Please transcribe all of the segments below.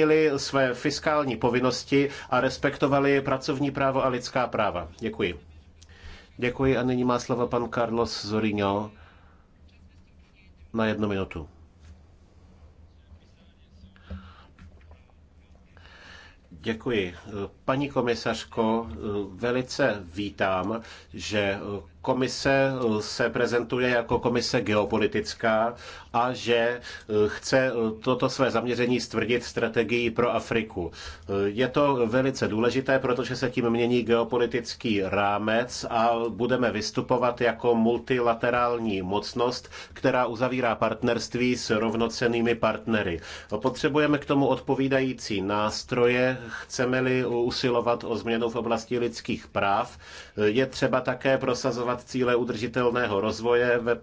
plnili své fiskální povinnosti a respektovali pracovní právo a lidská práva. Děkuji. Děkuji a nyní má slovo pan Carlos Zorino na jednu minutu. Děkuji. Paní komisařko, velice vítám, že komise eh, se prezentuje jako komise geopolitická a že eh, chce eh, toto své zaměření stvrdit strategií pro Afriku. Je to velice důležité, protože se tím mění geopolitický rámec a budeme vystupovat jako multilaterální mocnost, která uzavírá partnerství s rovnocennými partnery. Potřebujeme k tomu odpovídající nástroje, chceme-li usilovat o změnu v oblasti lidských práv, je třeba také prosazovat prosazovat cíle udržitelného rozvoje ve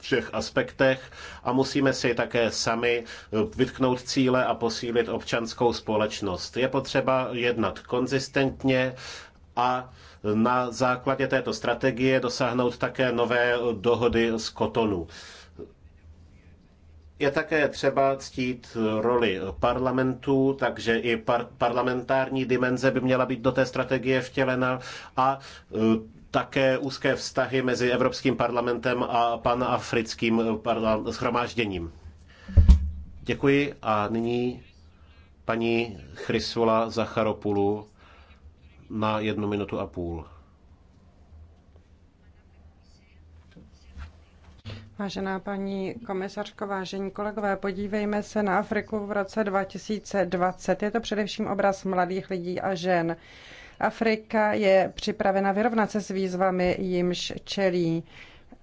všech aspektech a musíme si také sami eh, vytknout cíle a posílit občanskou společnost. Je potřeba jednat konzistentně a na základě této strategie dosáhnout také nové eh, dohody z kotonu. Je také třeba ctít eh, roli parlamentů, takže i par- parlamentární dimenze by měla být do té strategie vtělena a také úzké vztahy mezi Evropským parlamentem a panafrickým parla- schromážděním. Děkuji a nyní paní Chrysula Zacharopulu na jednu minutu a půl. Vážená paní komisařko, vážení kolegové, podívejme se na Afriku v roce 2020. Je to především obraz mladých lidí a žen. Afrika je připravena vyrovnat se s výzvami, jimž čelí.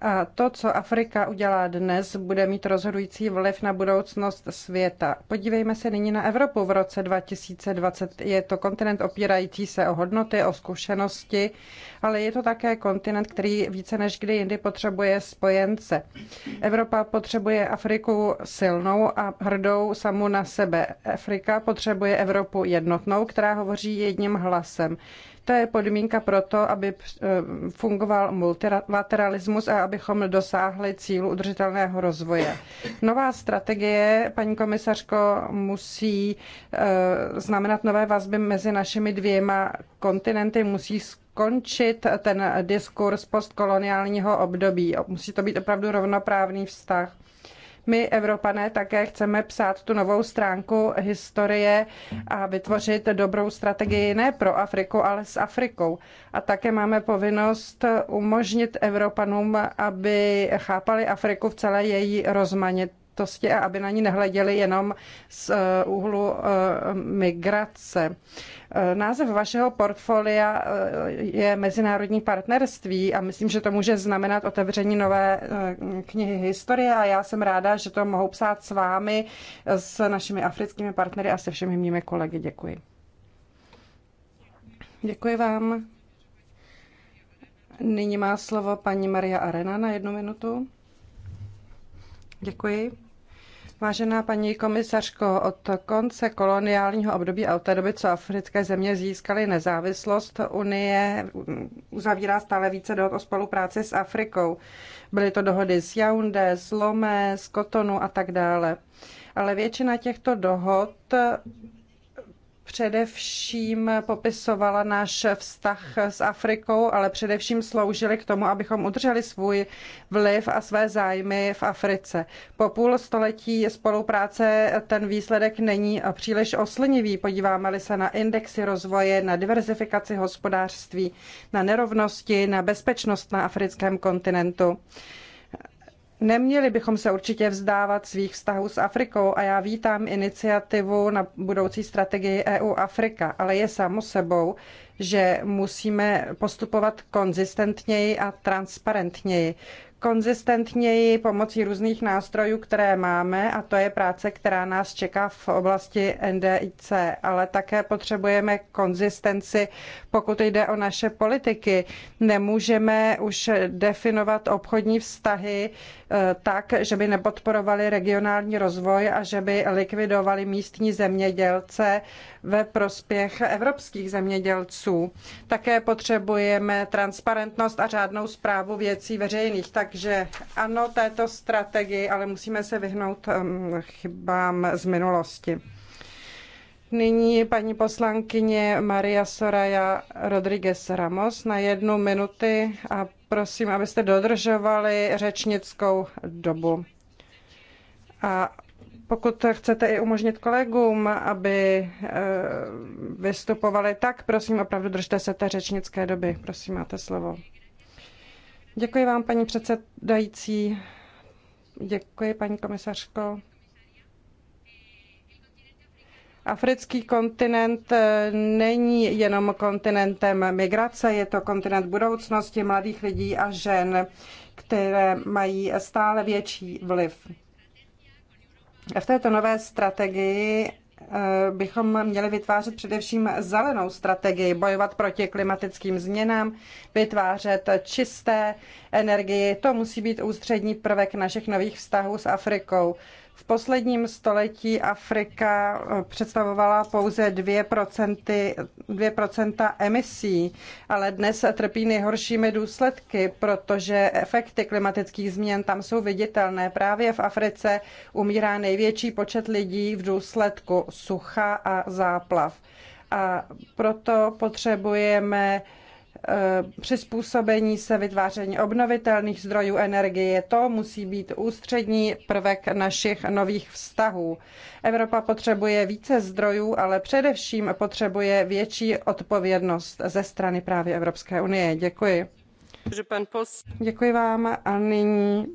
A to, co Afrika udělá dnes, bude mít rozhodující vliv na budoucnost světa. Podívejme se nyní na Evropu v roce 2020. Je to kontinent opírající se o hodnoty, o zkušenosti, ale je to také kontinent, který více než kdy jindy potřebuje spojence. Evropa potřebuje Afriku silnou a hrdou samu na sebe. Afrika potřebuje Evropu jednotnou, která hovoří jedním hlasem. To je podmínka pro to, aby eh, fungoval multilateralismus a abychom dosáhli cílu udržitelného rozvoje. Nová strategie, paní komisařko, musí eh, znamenat nové vazby mezi našimi dvěma kontinenty, musí skončit ten diskurs postkoloniálního období. Musí to být opravdu rovnoprávný vztah. My, Evropané, také chceme psát tu novou stránku historie a vytvořit dobrou strategii ne pro Afriku, ale s Afrikou. A také máme povinnost umožnit Evropanům, aby chápali Afriku v celé její rozmanitosti příležitosti a aby na ní nehleděli jenom z eh, úhlu eh, migrace. Eh, název vašeho portfolia je Mezinárodní partnerství a myslím, že to může znamenat otevření nové knihy historie a já jsem ráda, že to mohou psát s vámi, s našimi africkými partnery a se všemi mými kolegy. Děkuji. Děkuji vám. Nyní má slovo paní Maria Arena na jednu minutu. Děkuji. Vážená paní komisařko, od konce koloniálního období a od té doby, co africké země získaly nezávislost, Unie uzavírá stále více dohod o spolupráci s Afrikou. Byly to dohody s Yaoundé, s Lomé, s Kotonu a tak dále. Ale většina těchto dohod především popisovala náš vztah s Afrikou, ale především sloužily k tomu, abychom udrželi svůj vliv a své zájmy v Africe. Po půl století spolupráce ten výsledek není příliš oslnivý. Podíváme-li se na indexy rozvoje, na diverzifikaci hospodářství, na nerovnosti, na bezpečnost na africkém kontinentu. Neměli bychom se určitě vzdávat svých vztahů s Afrikou a já vítám iniciativu na budoucí strategii EU Afrika, ale je samo sebou, že musíme postupovat konzistentněji a transparentněji. Konzistentněji pomocí různých nástrojů, které máme, a to je práce, která nás čeká v oblasti NDIC, ale také potřebujeme konzistenci, pokud jde o naše politiky. Nemůžeme už definovat obchodní vztahy Eh, tak, že by nepodporovali regionální rozvoj a že by likvidovali místní zemědělce ve prospěch evropských zemědělců. Také potřebujeme transparentnost a řádnou zprávu věcí veřejných, takže ano této strategii, ale musíme se vyhnout chybám z minulosti. Nyní paní poslankyně Maria Soraya Rodriguez Ramos na jednu minuty a prosím, abyste dodržovali řečnickou dobu. A pokud chcete i umožnit kolegům, aby eh, vystupovali, tak prosím, opravdu držte se té řečnické doby. Prosím, máte slovo. Děkuji vám, paní předsedající. Děkuji, paní komisařko. Africký kontinent eh, není jenom kontinentem migrace, je to kontinent budoucnosti mladých lidí a žen, které mají stále větší vliv. V této nové strategii eh, bychom měli vytvářet především zelenou strategii, bojovat proti klimatickým změnám, vytvářet čisté energie. To musí být ústřední prvek našich nových vztahů s Afrikou. V posledním století Afrika eh, představovala pouze 2%, 2 emisí, ale dnes trpí nejhoršími důsledky, protože efekty klimatických změn tam jsou viditelné. Právě v Africe umírá největší počet lidí v důsledku sucha a záplav. A proto potřebujeme Eh, přizpůsobení se vytváření obnovitelných zdrojů energie. To musí být ústřední prvek našich nových vztahů. Evropa potřebuje více zdrojů, ale především potřebuje větší odpovědnost ze strany právě Evropské unie. Děkuji. Děkuji vám a nyní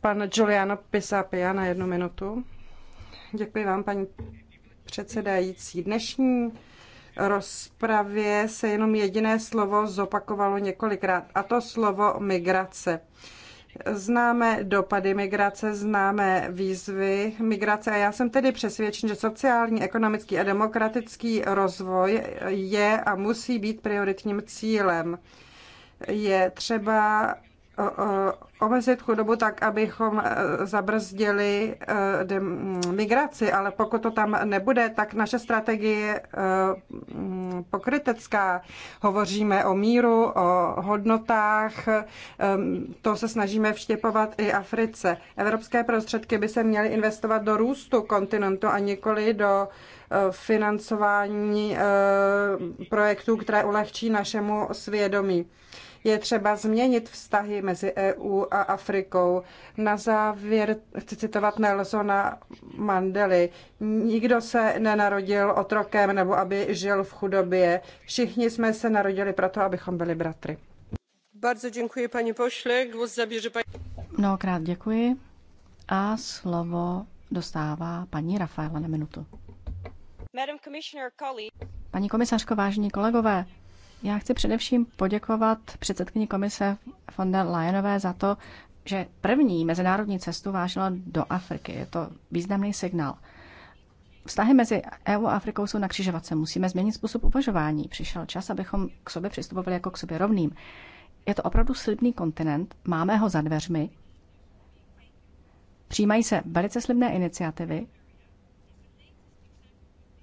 pan Giuliano Pisapia na jednu minutu. Děkuji vám, paní předsedající. Dnešní rozpravě se jenom jediné slovo zopakovalo několikrát, a to slovo migrace. Známe dopady migrace, známe výzvy migrace a já jsem tedy přesvědčen, že sociální, ekonomický a demokratický rozvoj je a musí být prioritním cílem. Je třeba omezit chudobu tak, abychom e, zabrzdili e, migraci, ale pokud to tam nebude, tak naše strategie e, pokrytecká. Hovoříme o míru, o hodnotách, to se snažíme vštěpovat i Africe. Evropské prostředky by se měly investovat do růstu kontinentu a nikoli do financování projektů, které ulehčí našemu svědomí. Je třeba změnit vztahy mezi EU a Afrikou. Na závěr chci citovat Nelsona Mandely. Nikdo se nenarodil otrokem nebo aby žil v chudobě. Všichni jsme se narodili proto, abychom byli bratry. Bardzo děkuji, paní pošle. Głos zabierze pani... Mnohokrát děkuji. A slovo dostává paní Rafaela na minutu. Paní komisařko, vážení kolegové, já chci především poděkovat předsedkyni komise von der Leyenové za to, že první mezinárodní cestu vážila do Afriky. Je to významný signál. Vztahy mezi EU a Afrikou jsou na křižovatce. Musíme změnit způsob uvažování. Přišel čas, abychom k sobě přistupovali jako k sobě rovným. Je to opravdu slibný kontinent, máme ho za dveřmi. Přijímají se velice slibné iniciativy,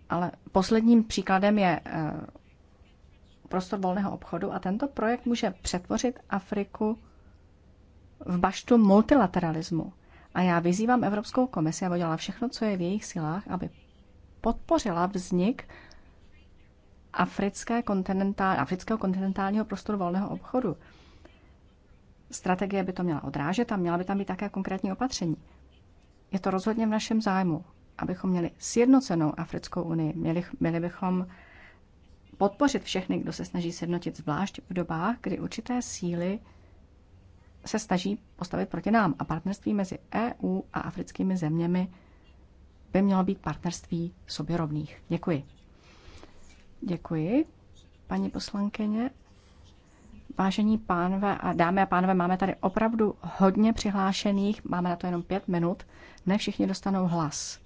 ale posledním příkladem je eh, prostor volného obchodu a tento projekt může přetvořit Afriku v baštu multilateralismu. A já vyzývám Evropskou komisi, aby dělala všechno, co je v jejich silách, aby podpořila vznik africké kontinentál, afrického kontinentálního prostoru volného obchodu. Strategie by to měla odrážet a měla by tam být také konkrétní opatření. Je to rozhodně v našem zájmu, abychom měli sjednocenou Africkou unii. Měli, měli bychom podpořit všechny, kdo se snaží sjednotit, zvlášť v dobách, kdy určité síly se snaží postavit proti nám. A partnerství mezi EU a africkými zeměmi by mělo být partnerství sobě rovných. Děkuji. Děkuji, paní poslankyně. Vážení pánové a dámy a pánové, máme tady opravdu hodně přihlášených, máme na to jenom pět minut, ne všichni dostanou hlas.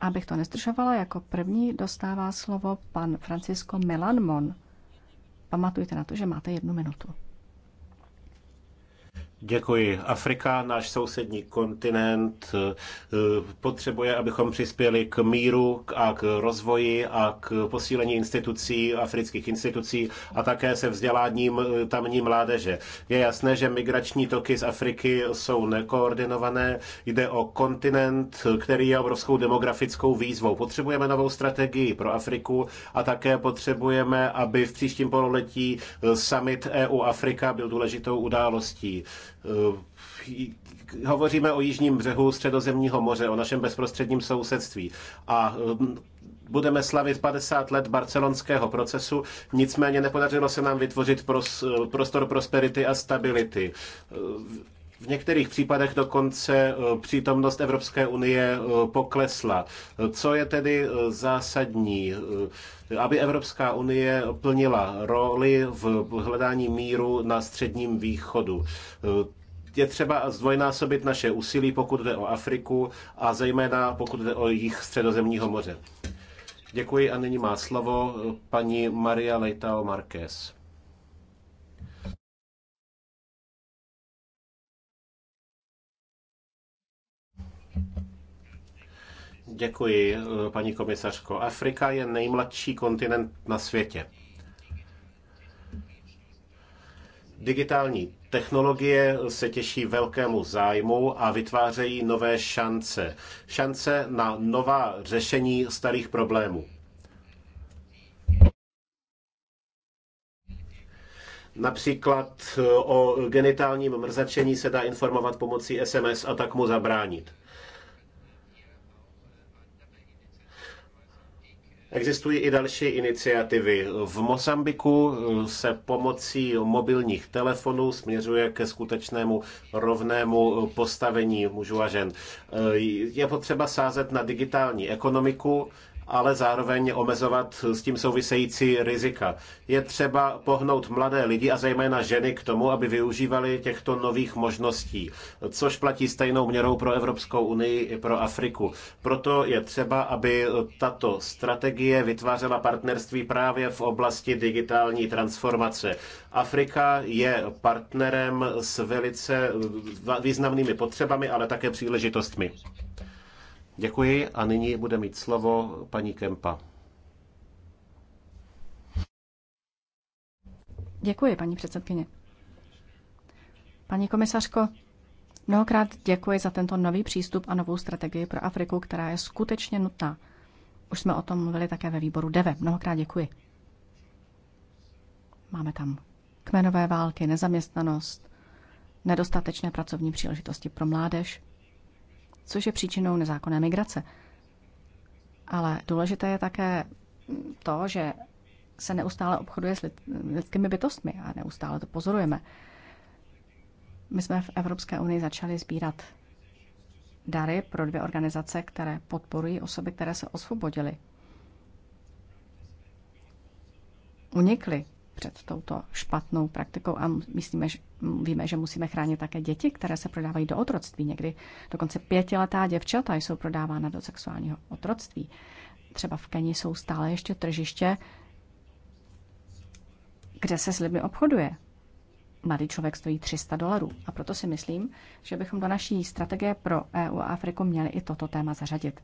Abych to nestržovala, jako první dostává slovo pan Francisco Melanmon. Pamatujte na to, že máte jednu minutu. Děkuji. Afrika, náš sousední kontinent, eh, potřebuje, abychom přispěli k míru a k rozvoji a k posílení institucí, afrických institucí a také se vzděláním eh, tamní mládeže. Je jasné, že migrační toky z Afriky jsou nekoordinované. Jde o kontinent, který je obrovskou demografickou výzvou. Potřebujeme novou strategii pro Afriku a také potřebujeme, aby v příštím pololetí eh, summit EU-Afrika byl důležitou událostí. Eh, hovoříme o jižním břehu Středozemního moře, o našem bezprostředním sousedství. A mm, budeme slavit 50 let barcelonského procesu, nicméně nepodařilo se nám vytvořit eh, prostor prosperity a stability. Eh, v některých případech dokonce eh, přítomnost Evropské unie eh, poklesla. Co je tedy eh, zásadní? aby Evropská unie plnila roli v hledání míru na středním východu. Je třeba zdvojnásobit naše úsilí, pokud jde o Afriku a zejména pokud jde o jich středozemního moře. Děkuji a nyní má slovo paní Maria Leitao Marquez. Děkuji, eh, paní komisařko. Afrika je nejmladší kontinent na světě. Digitální technologie se těší velkému zájmu a vytvářejí nové šance. Šance na nová řešení starých problémů. Například eh, o genitálním mrzačení se dá informovat pomocí SMS a tak mu zabránit. Existují i další iniciativy. V Mozambiku eh, se pomocí mobilních telefonů směřuje ke skutečnému rovnému eh, postavení mužů a žen. Eh, je potřeba sázet na digitální ekonomiku, ale zároveň omezovat s tím související rizika. Je třeba pohnout mladé lidi a zejména ženy k tomu, aby využívali těchto nových možností, což platí stejnou měrou pro Evropskou unii i pro Afriku. Proto je třeba, aby tato strategie vytvářela partnerství právě v oblasti digitální transformace. Afrika je partnerem s velice významnými potřebami, ale také příležitostmi. Děkuji a nyní bude mít slovo paní Kempa. Děkuji, paní předsedkyně. Paní komisařko, mnohokrát děkuji za tento nový přístup a novou strategii pro Afriku, která je skutečně nutná. Už jsme o tom mluvili také ve výboru DEVE. Mnohokrát děkuji. Máme tam kmenové války, nezaměstnanost, nedostatečné pracovní příležitosti pro mládež, což je příčinou nezákonné migrace. Ale důležité je také to, že se neustále obchoduje s lidskými bytostmi a neustále to pozorujeme. My jsme v Evropské unii začali sbírat dary pro dvě organizace, které podporují osoby, které se osvobodily. Unikly před touto špatnou praktikou a myslíme, že, víme, že musíme chránit také děti, které se prodávají do otroctví. Někdy dokonce pětiletá děvčata jsou prodávána do sexuálního otroctví. Třeba v Keni jsou stále ještě tržiště, kde se s lidmi obchoduje. Mladý člověk stojí 300 dolarů a proto si myslím, že bychom do naší strategie pro EU a Afriku měli i toto téma zařadit.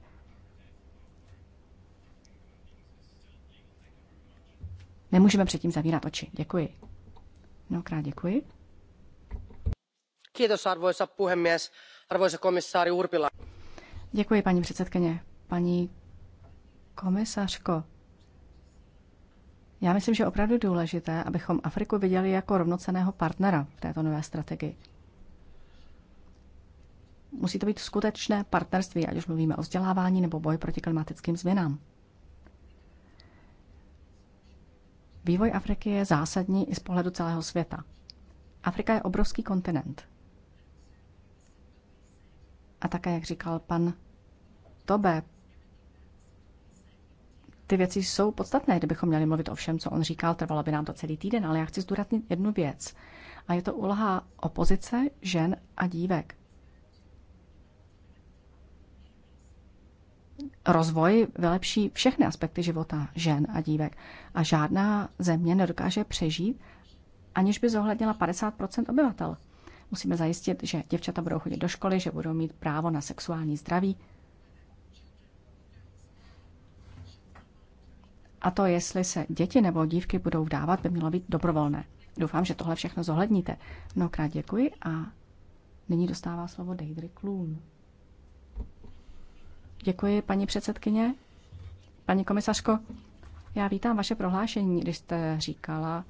nemůžeme předtím zavírat oči. Děkuji. Mnohokrát děkuji. Kiitos, arvoisa puhemies, arvoisa komisáři Urpila. Děkuji, paní předsedkyně. Paní komisařko, já myslím, že je opravdu důležité, abychom Afriku viděli jako rovnoceného partnera v této nové strategii. Musí to být skutečné partnerství, ať už mluvíme o vzdělávání nebo boj proti klimatickým změnám. Vývoj Afriky je zásadní i z pohledu celého světa. Afrika je obrovský kontinent. A také, jak říkal pan Tobe, ty věci jsou podstatné, kdybychom měli mluvit o všem, co on říkal, trvalo by nám to celý týden, ale já chci zdůraznit jednu věc. A je to úloha opozice, žen a dívek. rozvoj vylepší všechny aspekty života žen a dívek. A žádná země nedokáže přežít, aniž by zohlednila 50 obyvatel. Musíme zajistit, že děvčata budou chodit do školy, že budou mít právo na sexuální zdraví. A to, jestli se děti nebo dívky budou vdávat, by mělo být dobrovolné. Doufám, že tohle všechno zohledníte. Mnohokrát děkuji a nyní dostává slovo Deidre Klum. Děkuji, paní předsedkyně. Paní komisařko, já vítám vaše prohlášení, když jste říkala,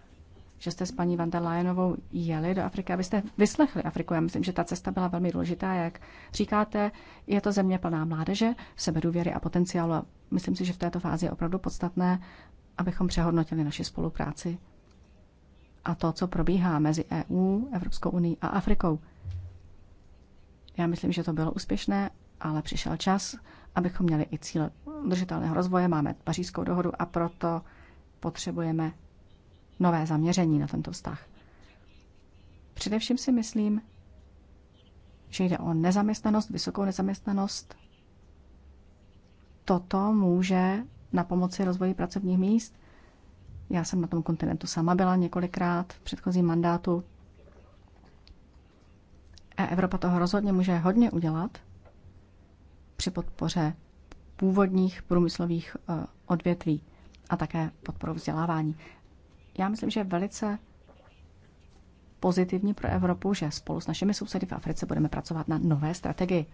že jste s paní van der Leyenovou jeli do Afriky, abyste vyslechli Afriku. Já myslím, že ta cesta byla velmi důležitá, jak říkáte. Je to země plná mládeže, sebedůvěry a potenciálu. A myslím si, že v této fázi je opravdu podstatné, abychom přehodnotili naši spolupráci a to, co probíhá mezi EU, Evropskou unii a Afrikou. Já myslím, že to bylo úspěšné, ale přišel čas, abychom měli i cíle udržitelného rozvoje, máme pařížskou dohodu a proto potřebujeme nové zaměření na tento vztah. Především si myslím, že jde o nezaměstnanost, vysokou nezaměstnanost. Toto může na pomoci rozvoji pracovních míst. Já jsem na tom kontinentu sama byla několikrát v předchozím mandátu. A Evropa toho rozhodně může hodně udělat – při podpoře původních průmyslových eh, odvětví a také podporu vzdělávání. Já myslím, že je velice pozitivní pro Evropu, že spolu s našimi sousedy v Africe budeme pracovat na nové strategii.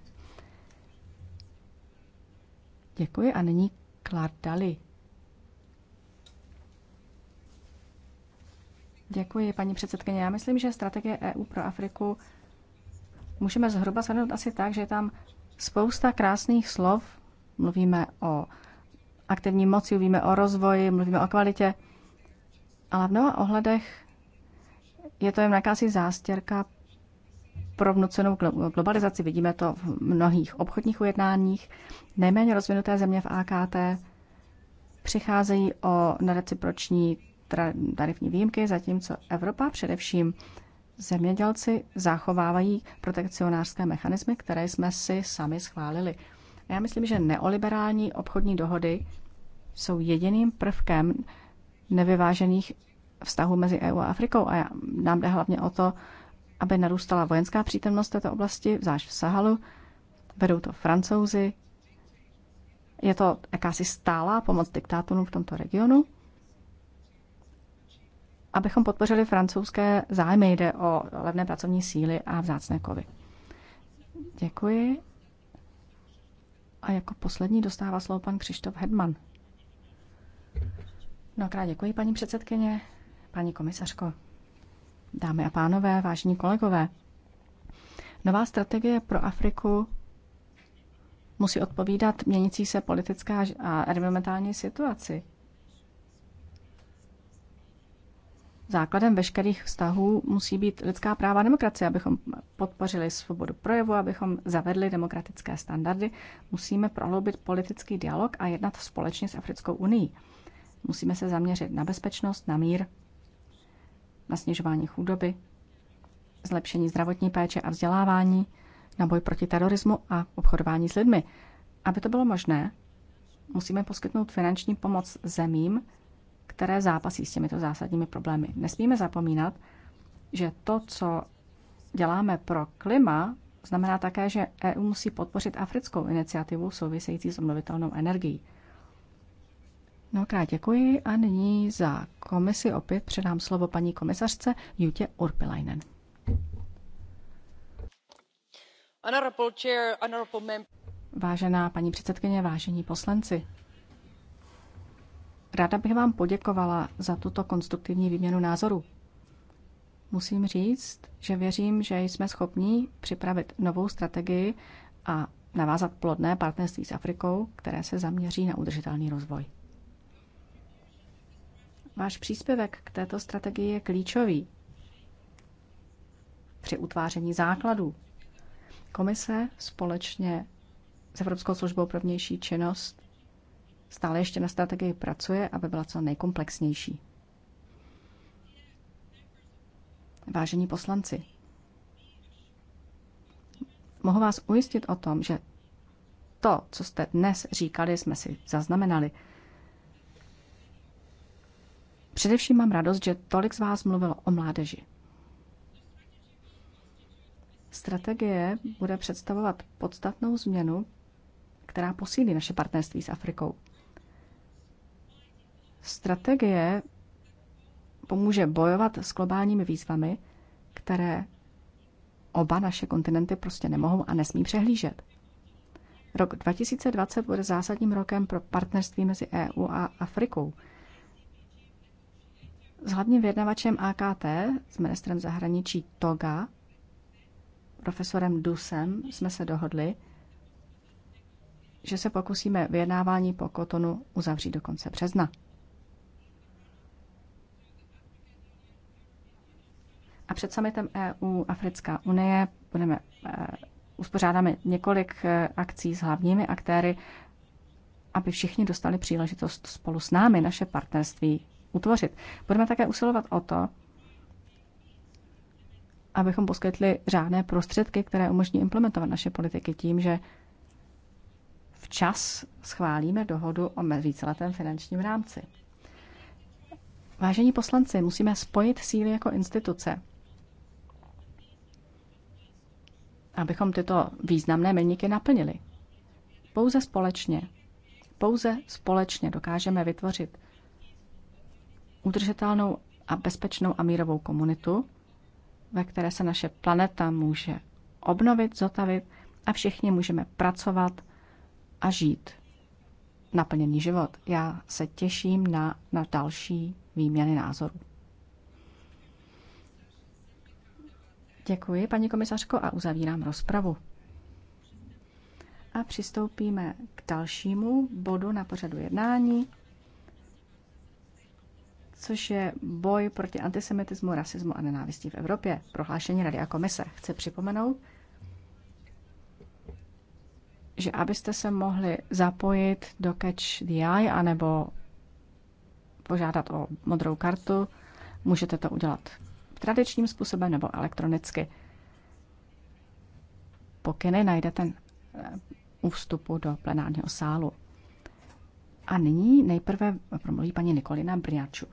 Děkuji a nyní Clark Daly. Děkuji, paní předsedkyně. Já myslím, že strategie EU pro Afriku můžeme zhruba shrnout asi tak, že je tam spousta krásných slov. Mluvíme o aktivní moci, mluvíme o rozvoji, mluvíme o kvalitě, ale v mnoha ohledech je to jen jakási zástěrka pro vnucenou globalizaci. Vidíme to v mnohých obchodních ujednáních. Nejméně rozvinuté země v AKT přicházejí o nereciproční tarifní výjimky, zatímco Evropa především zemědělci zachovávají protekcionářské mechanismy, které jsme si sami schválili. A já myslím, že neoliberální obchodní dohody jsou jediným prvkem nevyvážených vztahů mezi EU a Afrikou. A nám jde hlavně o to, aby narůstala vojenská přítomnost této oblasti, zvlášť v Sahalu. Vedou to francouzi. Je to jakási stálá pomoc diktátorům v tomto regionu abychom podpořili francouzské zájmy. Jde o levné pracovní síly a vzácné kovy. Děkuji. A jako poslední dostává slovo pan Křištof Hedman. Mnohokrát děkuji, paní předsedkyně, paní komisařko, dámy a pánové, vážení kolegové. Nová strategie pro Afriku musí odpovídat měnící se politická a environmentální situaci. základem veškerých vztahů musí být lidská práva a demokracie. Abychom podpořili svobodu projevu, abychom zavedli demokratické standardy, musíme prohloubit politický dialog a jednat společně s Africkou unii. Musíme se zaměřit na bezpečnost, na mír, na snižování chudoby, zlepšení zdravotní péče a vzdělávání, na boj proti terorismu a obchodování s lidmi. Aby to bylo možné, musíme poskytnout finanční pomoc zemím, které zápasí s těmito zásadními problémy. Nesmíme zapomínat, že to, co děláme pro klima, znamená také, že EU musí podpořit africkou iniciativu související s obnovitelnou energií. No, krát děkuji a nyní za komisi opět předám slovo paní komisařce Jutě Urpilainen. Vážená paní předsedkyně, vážení poslanci, Ráda bych vám poděkovala za tuto konstruktivní výměnu názorů. Musím říct, že věřím, že jsme schopni připravit novou strategii a navázat plodné partnerství s Afrikou, které se zaměří na udržitelný rozvoj. Váš příspěvek k této strategii je klíčový při utváření základů. Komise společně s Evropskou službou pro vnější činnost stále ještě na strategii pracuje, aby byla co nejkomplexnější. Vážení poslanci, mohu vás ujistit o tom, že to, co jste dnes říkali, jsme si zaznamenali. Především mám radost, že tolik z vás mluvilo o mládeži. Strategie bude představovat podstatnou změnu, která posílí naše partnerství s Afrikou. Strategie pomůže bojovat s globálními výzvami, které oba naše kontinenty prostě nemohou a nesmí přehlížet. Rok 2020 bude zásadním rokem pro partnerství mezi EU a Afrikou. S hlavním vědnavačem AKT, s ministrem zahraničí Toga, profesorem Dusem, jsme se dohodli, že se pokusíme vyjednávání po Kotonu uzavřít do konce března. A před summitem EU Africká unie budeme, e, uspořádáme několik e, akcí s hlavními aktéry, aby všichni dostali příležitost spolu s námi naše partnerství utvořit. Budeme také usilovat o to, abychom poskytli řádné prostředky, které umožní implementovat naše politiky tím, že včas schválíme dohodu o víceletém finančním rámci. Vážení poslanci, musíme spojit síly jako instituce, abychom tyto významné milníky naplnili. Pouze společně, pouze společně dokážeme vytvořit udržitelnou a bezpečnou a mírovou komunitu, ve které se naše planeta může obnovit, zotavit a všichni můžeme pracovat a žít naplněný život. Já se těším na, na další výměny názorů. Děkuji, paní komisařko, a uzavírám rozpravu. A přistoupíme k dalšímu bodu na pořadu jednání, což je boj proti antisemitismu, rasismu a nenávistí v Evropě. Prohlášení Rady a komise. Chci připomenout, že abyste se mohli zapojit do Catch the Eye anebo požádat o modrou kartu, můžete to udělat tradičním způsobem nebo elektronicky. Pokyny najdete eh, u vstupu do plenárního sálu. A nyní nejprve promluví paní Nikolina Brňáčů.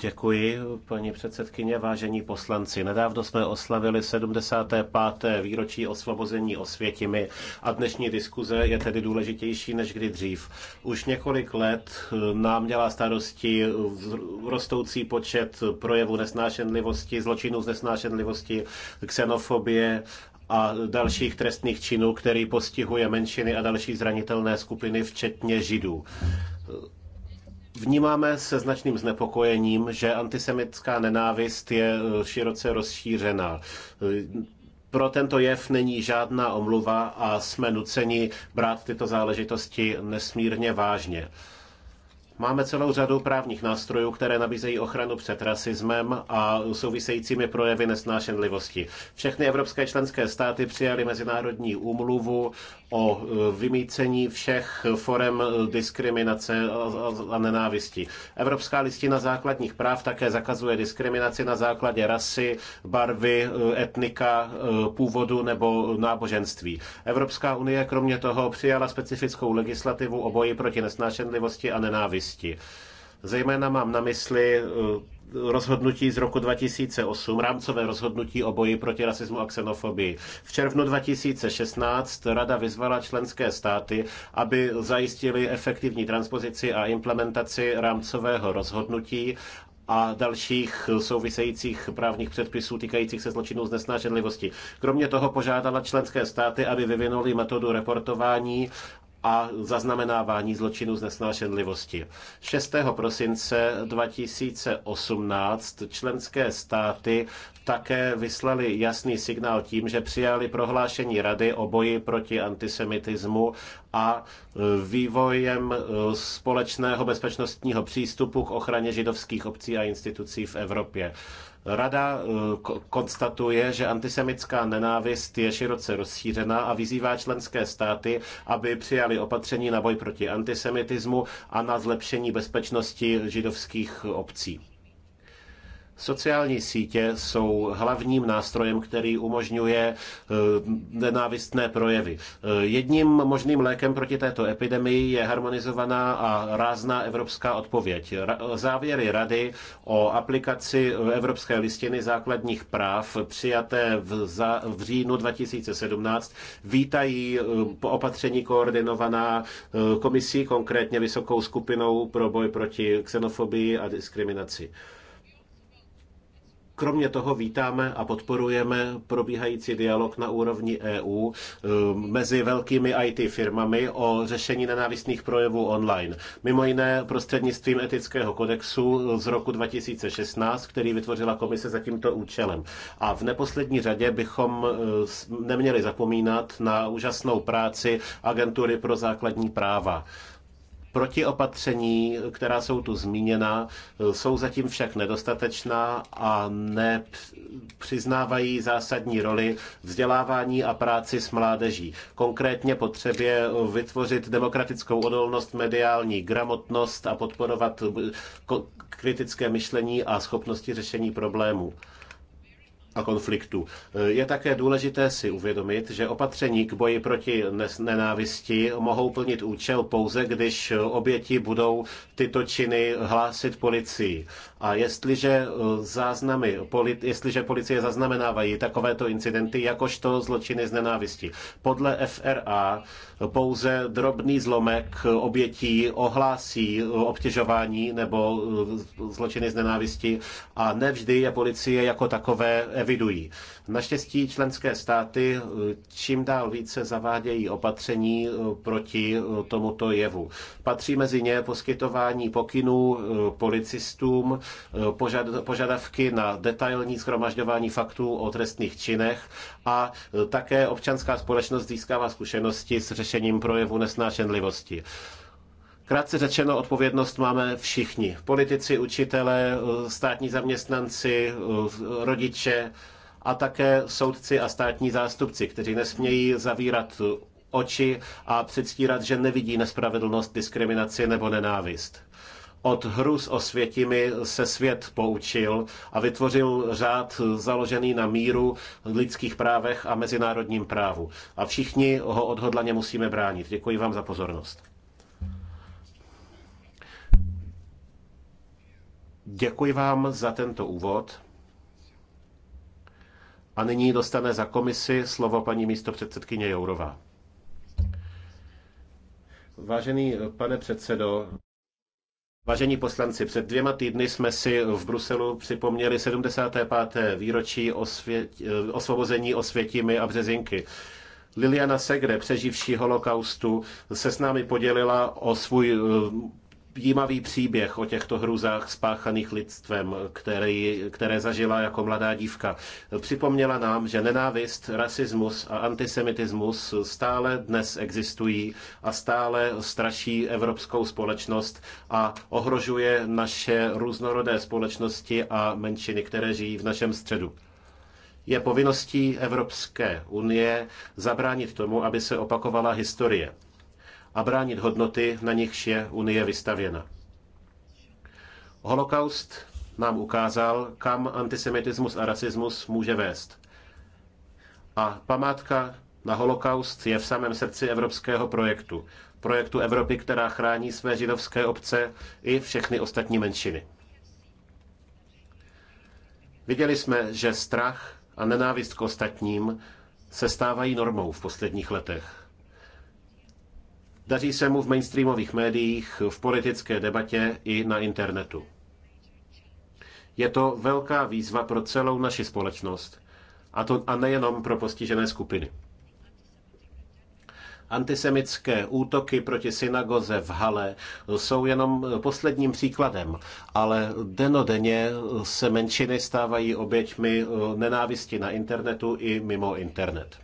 Děkuji, paní předsedkyně, vážení poslanci. Nedávno jsme oslavili 75. výročí osvobození Osvětimi a dnešní diskuze je tedy důležitější než kdy dřív. Už několik let nám dělá starosti rostoucí počet projevů nesnášenlivosti, zločinů z nesnášenlivosti, xenofobie a dalších trestných činů, který postihuje menšiny a další zranitelné skupiny, včetně židů Vnímáme se značným znepokojením, že antisemitská nenávist je e, široce rozšířena. E, pro tento jev není žádná omluva a jsme nuceni brát tyto záležitosti nesmírně vážně. Máme celou řadu právních nástrojů, které nabízejí ochranu před rasismem a souvisejícími projevy nesnášenlivosti. Všechny evropské členské státy přijaly mezinárodní úmluvu o e, vymícení všech forem e, diskriminace a nenávisti. Evropská listina základních práv také zakazuje diskriminaci na základě rasy, barvy, e, etnika, původu nebo náboženství. Evropská unie kromě toho přijala specifickou legislativu o boji proti nesnášenlivosti a nenávisti teroristi. Zejména mám na mysli eh, rozhodnutí z roku 2008, rámcové rozhodnutí o boji proti rasismu a xenofobii. V červnu 2016 Rada vyzvala členské státy, aby zajistili efektivní transpozici a implementaci rámcového rozhodnutí a dalších souvisejících právních předpisů týkajících se zločinů z nesnáženlivosti. Kromě toho požádala členské státy, aby vyvinuli metodu reportování a zaznamenávání zločinů z nesnášenlivosti. 6. prosince 2018 členské státy také vyslali jasný signál tím, že přijali prohlášení Rady o boji proti antisemitismu a e, vývojem e, společného bezpečnostního přístupu k ochraně židovských obcí a institucí v Evropě. Rada eh, konstatuje, že antisemická nenávist je široce rozšířená a vyzývá členské státy, aby přijali opatření na boj proti antisemitismu a na zlepšení bezpečnosti židovských obcí. Sociální sítě jsou hlavním nástrojem, který umožňuje eh, nenávistné projevy. Eh, jedním možným lékem proti této epidemii je harmonizovaná a rázná evropská odpověď. Závěry rady o aplikaci Evropské listiny základních práv přijaté v, za, v říjnu 2017 vítají eh, opatření koordinovaná komisí, konkrétně vysokou skupinou pro boj proti xenofobii a diskriminaci. Kromě toho vítáme a podporujeme probíhající dialog na úrovni EU eh, mezi velkými IT firmami o řešení nenávistných projevů online. Mimo jiné prostřednictvím etického kodexu z roku 2016, který vytvořila komise za tímto účelem. A v neposlední řadě bychom eh, neměli zapomínat na úžasnou práci agentury pro základní práva Protiopatření, která jsou tu zmíněna, jsou zatím však nedostatečná a nepřiznávají zásadní roli vzdělávání a práci s mládeží. Konkrétně potřebě vytvořit demokratickou odolnost, mediální gramotnost a podporovat kritické myšlení a schopnosti řešení problémů a konfliktů. Je také důležité si uvědomit, že opatření k boji proti nenávisti mohou plnit účel pouze, když oběti budou tyto činy hlásit policii. A jestliže eh, záznamy, jestliže policie zaznamenávají takovéto incidenty jakožto zločiny z nenávisti, podle FRA pouze drobný zlomek obětí ohlásí eh, obtěžování nebo eh, zločiny z nenávisti a nevždy je policie jako takové evidují. Naštěstí členské státy eh, čím dál více zavádějí opatření eh, proti eh, tomuto jevu. Patří mezi ně poskytování pokynů policistům, požadavky na detailní schromažďování faktů o trestných činech a také občanská společnost získává zkušenosti s řešením projevu nesnášenlivosti. Krátce řečeno, odpovědnost máme všichni. Politici, učitele, státní zaměstnanci, rodiče a také soudci a státní zástupci, kteří nesmějí zavírat oči a předstírat, že nevidí nespravedlnost, diskriminaci nebo nenávist. Od hru s osvětimi se svět poučil a vytvořil řád založený na míru, lidských právech a mezinárodním právu. A všichni ho odhodlaně musíme bránit. Děkuji vám za pozornost. Děkuji vám za tento úvod. A nyní dostane za komisi slovo paní místopředsedkyně Jourová. Vážený pane předsedo, Vážení poslanci, před dvěma týdny jsme si v Bruselu připomněli 75. výročí osvět, osvobození Osvětimi a Březinky. Liliana Segre, přeživší holokaustu, se s námi podělila o svůj jímavý příběh o těchto hrůzách spáchaných lidstvem, který, které zažila jako mladá dívka. Připomněla nám, že nenávist, rasismus a antisemitismus stále dnes existují a stále straší evropskou společnost a ohrožuje naše různorodé společnosti a menšiny, které žijí v našem středu je povinností Evropské unie zabránit tomu, aby se opakovala historie a bránit hodnoty, na nichž je Unie vystavěna. Holokaust nám ukázal, kam antisemitismus a rasismus může vést. A památka na holokaust je v samém srdci evropského projektu. Projektu Evropy, která chrání své židovské obce i všechny ostatní menšiny. Viděli jsme, že strach a nenávist k ostatním se stávají normou v posledních letech. Daří se mu v mainstreamových médiích, v politické debatě i na internetu. Je to velká výzva pro celou naši společnost, a, to, a nejenom pro postižené skupiny. Antisemické útoky proti synagoze v Hale jsou jenom posledním příkladem, ale denodenně se menšiny stávají oběťmi nenávisti na internetu i mimo internet.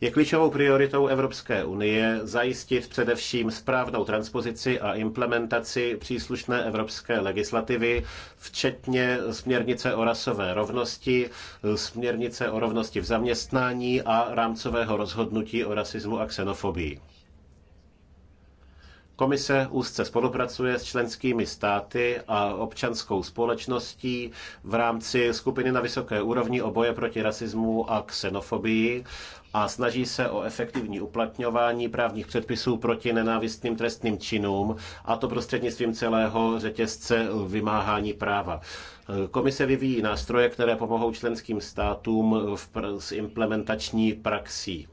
Je klíčovou prioritou Evropské unie zajistit především správnou transpozici a implementaci příslušné evropské legislativy, včetně směrnice o rasové rovnosti, směrnice o rovnosti v zaměstnání a rámcového rozhodnutí o rasismu a xenofobii. Komise úzce spolupracuje s členskými státy a občanskou společností v rámci skupiny na vysoké úrovni o boje proti rasismu a xenofobii a snaží se o efektivní uplatňování právních předpisů proti nenávistným trestným činům a to prostřednictvím celého řetězce vymáhání práva. Komise vyvíjí nástroje, které pomohou členským státům s implementační praxí.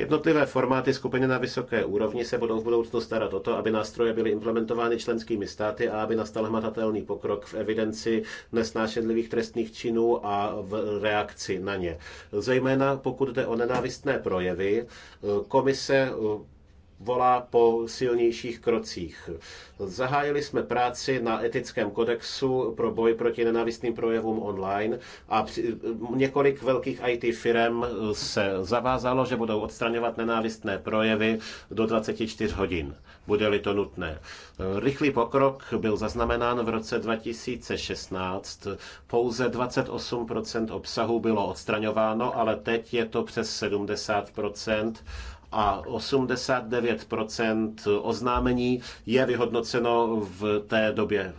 Jednotlivé formáty skupiny na vysoké úrovni se budou v budoucnu starat o to, aby nástroje byly implementovány členskými státy a aby nastal hmatatelný pokrok v evidenci nesnášenlivých trestných činů a v reakci na ně. Zejména pokud jde o nenávistné projevy, komise volá po silnějších krocích. Zahájili jsme práci na etickém kodexu pro boj proti nenávistným projevům online a několik velkých IT firm se zavázalo, že budou odstraňovat nenávistné projevy do 24 hodin, bude-li to nutné. Rychlý pokrok byl zaznamenán v roce 2016. Pouze 28% obsahu bylo odstraňováno, ale teď je to přes 70% a 89% oznámení je vyhodnoceno v té době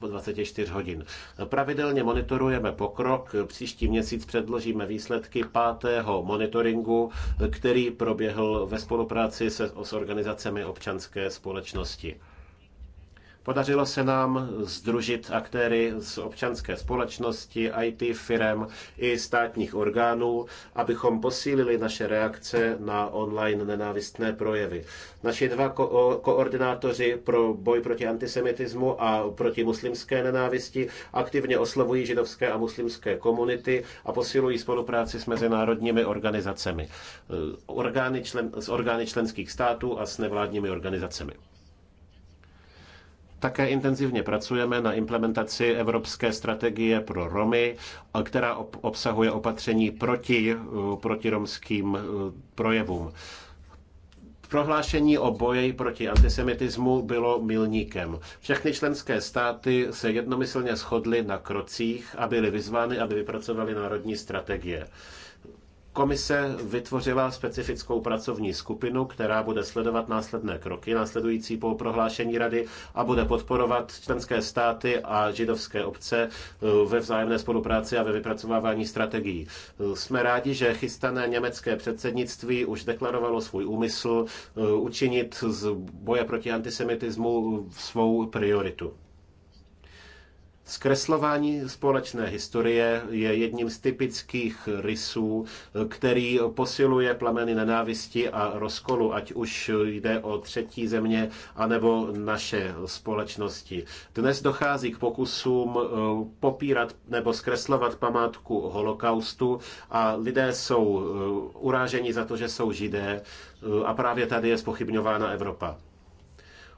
24 hodin. Pravidelně monitorujeme pokrok. Příští měsíc předložíme výsledky pátého monitoringu, který proběhl ve spolupráci se, s organizacemi občanské společnosti. Podařilo se nám združit aktéry z občanské společnosti, IT firm i státních orgánů, abychom posílili naše reakce na online nenávistné projevy. Naši dva ko- koordinátoři pro boj proti antisemitismu a proti muslimské nenávisti aktivně oslovují židovské a muslimské komunity a posilují spolupráci s mezinárodními organizacemi, e, orgány člen, s orgány členských států a s nevládními organizacemi. Také intenzivně pracujeme na implementaci Evropské strategie pro Romy, která obsahuje opatření proti, eh, proti romským eh, projevům. Prohlášení o boji proti antisemitismu bylo milníkem. Všechny členské státy se jednomyslně shodly na krocích a byly vyzvány, aby vypracovali národní strategie. Komise vytvořila specifickou pracovní skupinu, která bude sledovat následné kroky, následující po prohlášení rady a bude podporovat členské státy a židovské obce eh, ve vzájemné spolupráci a ve vypracovávání strategií. Eh, jsme rádi, že chystané německé předsednictví už deklarovalo svůj úmysl eh, učinit z boje proti antisemitismu svou prioritu. Zkreslování společné historie je jedním z typických rysů, který posiluje plameny nenávisti a rozkolu, ať už jde o třetí země anebo naše společnosti. Dnes dochází k pokusům eh, popírat nebo zkreslovat památku holokaustu a lidé jsou eh, uráženi za to, že jsou židé eh, a právě tady je spochybňována Evropa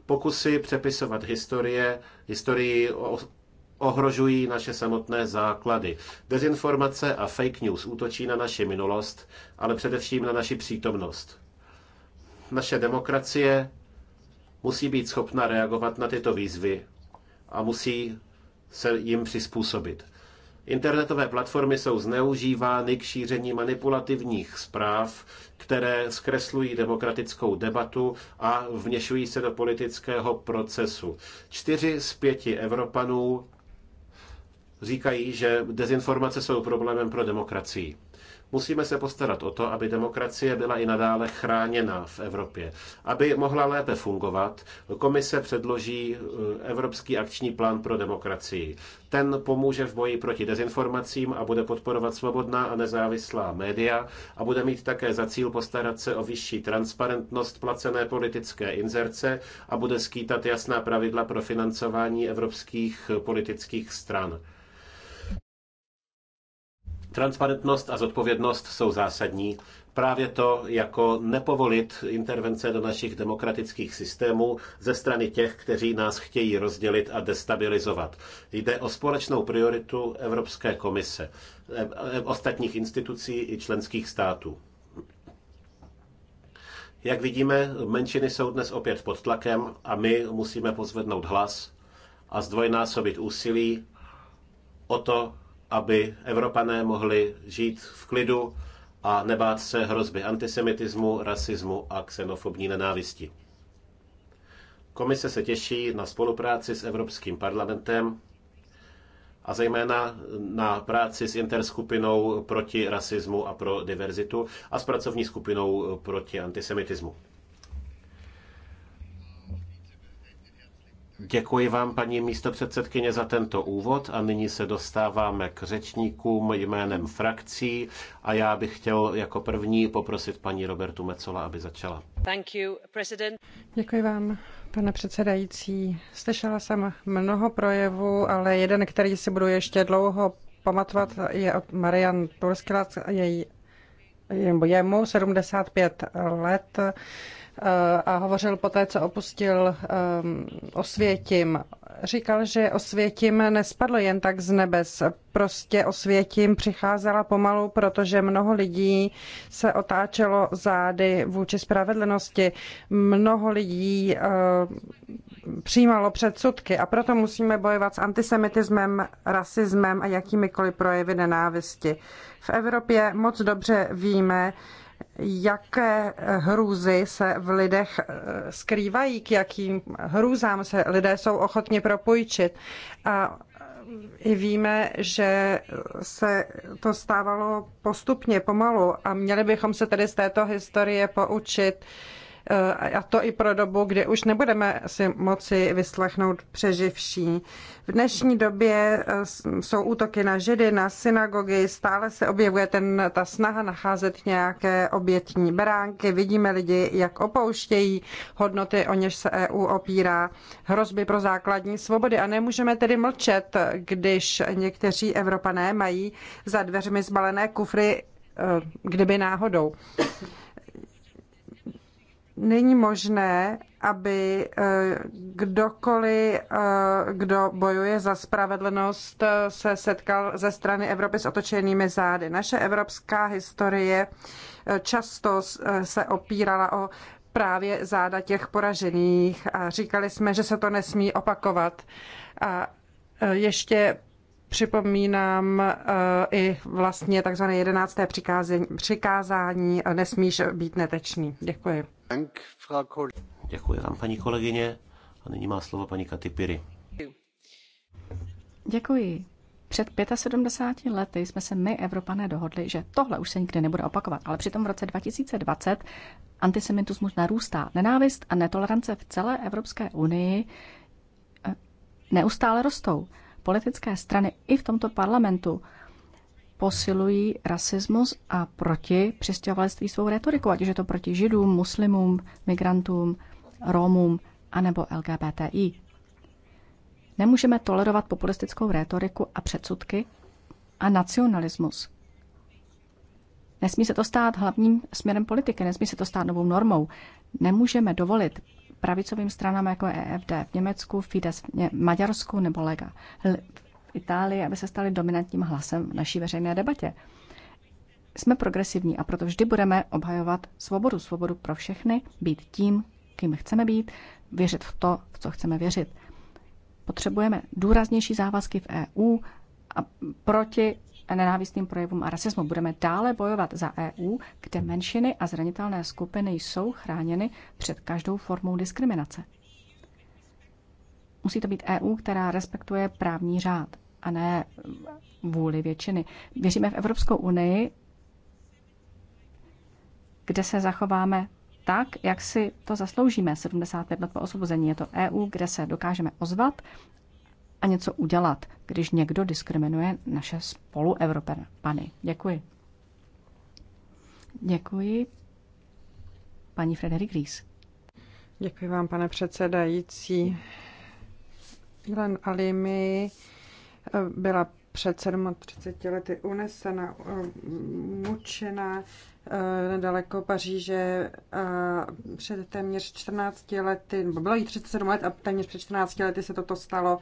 pokusy přepisovat historie, historii ohrožují naše samotné základy. Dezinformace a fake news útočí na naši minulost, ale především na naši přítomnost. Naše demokracie musí být schopna reagovat na tyto výzvy a musí se jim přizpůsobit. Internetové platformy jsou zneužívány k šíření manipulativních zpráv, které zkreslují demokratickou debatu a vněšují se do politického procesu. Čtyři z pěti Evropanů říkají, že dezinformace jsou problémem pro demokracii. Musíme se postarat o to, aby demokracie byla i nadále chráněna v Evropě. Aby mohla lépe fungovat, komise předloží eh, Evropský akční plán pro demokracii. Ten pomůže v boji proti dezinformacím a bude podporovat svobodná a nezávislá média a bude mít také za cíl postarat se o vyšší transparentnost placené politické inzerce a bude skýtat jasná pravidla pro financování evropských eh, politických stran. Transparentnost a zodpovědnost jsou zásadní. Právě to, jako nepovolit intervence do našich demokratických systémů ze strany těch, kteří nás chtějí rozdělit a destabilizovat. Jde o společnou prioritu Evropské komise, e, e, ostatních institucí i členských států. Jak vidíme, menšiny jsou dnes opět pod tlakem a my musíme pozvednout hlas a zdvojnásobit úsilí o to, aby Evropané mohli žít v klidu a nebát se hrozby antisemitismu, rasismu a xenofobní nenávisti. Komise se těší na spolupráci s Evropským parlamentem a zejména na práci s interskupinou proti rasismu a pro diverzitu a s pracovní skupinou proti antisemitismu. Děkuji vám, paní místopředsedkyně, za tento úvod a nyní se dostáváme k řečníkům jménem frakcí a já bych chtěl jako první poprosit paní Robertu Mecola, aby začala. Thank you, president. Děkuji vám, pane předsedající. Slyšela jsem mnoho projevů, ale jeden, který si budu ještě dlouho pamatovat, je od Marian Turskila, její jemu 75 let a hovořil poté, co opustil ehm, Osvětim. Říkal, že Osvětim nespadl jen tak z nebes. Prostě Osvětim přicházela pomalu, protože mnoho lidí se otáčelo zády vůči spravedlnosti. Mnoho lidí ehm, přijímalo předsudky a proto musíme bojovat s antisemitismem, rasismem a jakýmikoliv projevy nenávisti. V Evropě moc dobře víme, jaké eh, hrůzy se v lidech eh, skrývají, k jakým hrůzám se lidé jsou ochotni propůjčit. A eh, i víme, že se to stávalo postupně, pomalu a měli bychom se tedy z této historie poučit Eh, a to i pro dobu, kdy už nebudeme si moci vyslechnout přeživší. V dnešní době eh, jsou útoky na židy, na synagogy, stále se objevuje ten, ta snaha nacházet nějaké obětní beránky. Vidíme lidi, jak opouštějí hodnoty, o něž se EU opírá, hrozby pro základní svobody. A nemůžeme tedy mlčet, když někteří Evropané mají za dveřmi zbalené kufry, eh, kdyby náhodou není možné, aby eh, kdokoliv, eh, kdo bojuje za spravedlnost, eh, se setkal ze strany Evropy s otočenými zády. Naše evropská historie často se opírala o právě záda těch poražených a říkali jsme, že se to nesmí opakovat. A ještě připomínám i vlastně takzvané jedenácté přikázání, přikázání nesmíš být netečný. Děkuji. Děkuji vám, paní kolegyně. A nyní má slovo paní Katy Děkuji. Před 75 lety jsme se my, Evropané, dohodli, že tohle už se nikdy nebude opakovat. Ale přitom v roce 2020 antisemitismus narůstá. Nenávist a netolerance v celé Evropské unii eh, neustále rostou. Politické strany i v tomto parlamentu posilují rasismus a proti přistěhovalectví svou retorikou, ať už je to proti židům, muslimům, migrantům, Rómům anebo LGBTI. Nemůžeme tolerovat populistickou rétoriku a předsudky a nacionalismus. Nesmí se to stát hlavním směrem politiky, nesmí se to stát novou normou. Nemůžeme dovolit pravicovým stranám jako EFD e v Německu, Fides v Maďarsku nebo Lega Itálii, aby se stali dominantním hlasem v naší veřejné debatě. Jsme progresivní a proto vždy budeme obhajovat svobodu, svobodu pro všechny, být tím, kým chceme být, věřit v to, v co chceme věřit. Potřebujeme důraznější závazky v EU a proti nenávistným projevům a rasismu. Budeme dále bojovat za EU, kde menšiny a zranitelné skupiny jsou chráněny před každou formou diskriminace. Musí to být EU, která respektuje právní řád a ne vůli většiny. Věříme v Evropskou unii, kde se zachováme tak, jak si to zasloužíme 75 let po osvobození. Je to EU, kde se dokážeme ozvat a něco udělat, když někdo diskriminuje naše spoluevropany. Děkuji. Děkuji. Paní Frederik Ries. Děkuji vám, pane předsedající. Jelen Alimi byla před 37 lety unesena, mučena eh, nedaleko Paříže a eh, před téměř 14 lety, nebo bylo jí 37 let a téměř před 14 lety se toto stalo.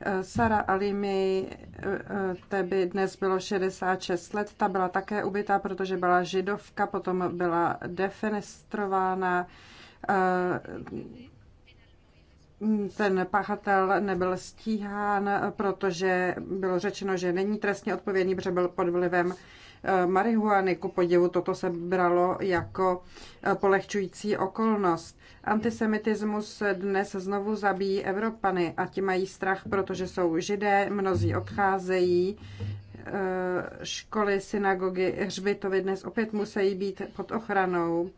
Eh, Sara Alimi, té by dnes bylo 66 let, ta byla také ubytá, protože byla židovka, potom byla defenestrována ten pachatel nebyl stíhán, protože bylo řečeno, že není trestně odpovědný, protože byl pod vlivem eh, marihuany. Ku podivu toto se bralo jako eh, polehčující okolnost. Antisemitismus dnes znovu zabíjí Evropany a ti mají strach, protože jsou židé, mnozí odcházejí. Eh, školy, synagogy, hřbitovy dnes opět musí být pod ochranou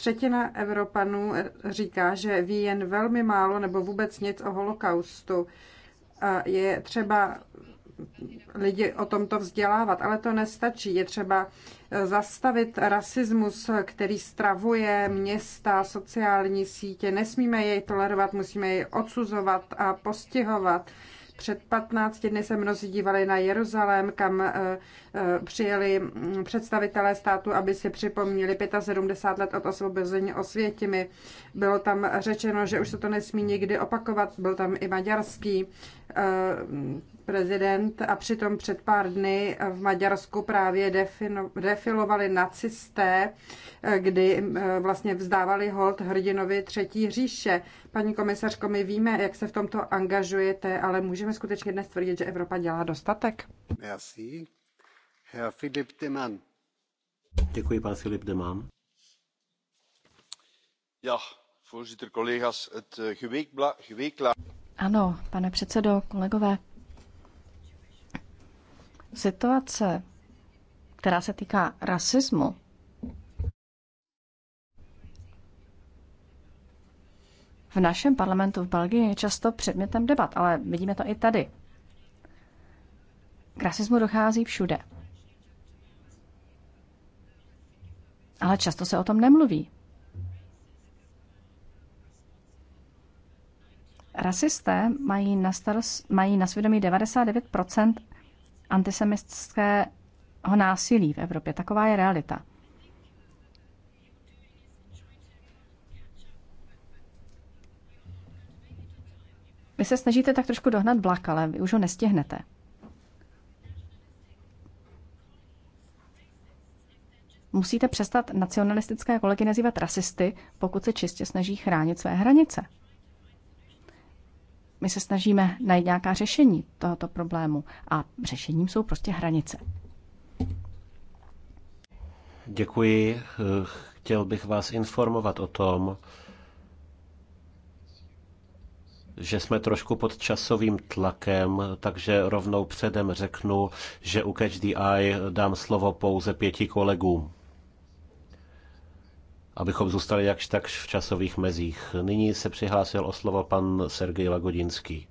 Třetina Evropanů říká, že ví jen velmi málo nebo vůbec nic o holokaustu. je třeba lidi o tomto vzdělávat, ale to nestačí. Je třeba eh, zastavit rasismus, který stravuje města, sociální sítě. Nesmíme jej tolerovat, musíme jej odsuzovat a postihovat. Před 15 dny se mnozí dívali na Jeruzalém, kam eh, eh, přijeli mm, představitelé státu, aby si připomněli 75 let od osvobození Osvětimi. Bylo tam řečeno, že už se to nesmí nikdy opakovat. Byl tam i maďarský eh, prezident a přitom před pár dny v Maďarsku právě defino, defilovali nacisté, eh, kdy eh, vlastně vzdávali hold hrdinovi Třetí říše. Paní komisařko, my víme, jak se v tomto angažujete, ale můžeme skutečně dnes tvrdit, že Evropa dělá dostatek? Merci. Herr de Deman. Děkuji, pan Filip Deman. Ja, voorzitter, collega's, het eh, geweekla... Ano, pane předsedo, kolegové, Situace, která se týká rasismu, v našem parlamentu v Belgii je často předmětem debat, ale vidíme to i tady. K rasismu dochází všude. Ale často se o tom nemluví. Rasisté mají na, starost, mají na svědomí 99 antisemitského násilí v Evropě. Taková je realita. Vy se snažíte tak trošku dohnat vlak, ale vy už ho nestihnete. Musíte přestat nacionalistické kolegy nazývat rasisty, pokud se čistě snaží chránit své hranice my se snažíme najít nějaká řešení tohoto problému a řešením jsou prostě hranice. Děkuji. Chtěl bych vás informovat o tom, že jsme trošku pod časovým tlakem, takže rovnou předem řeknu, že u Catch the Eye dám slovo pouze pěti kolegům abychom zůstali jakž tak v časových mezích. Nyní se přihlásil o slovo pan Sergej Lagodinský.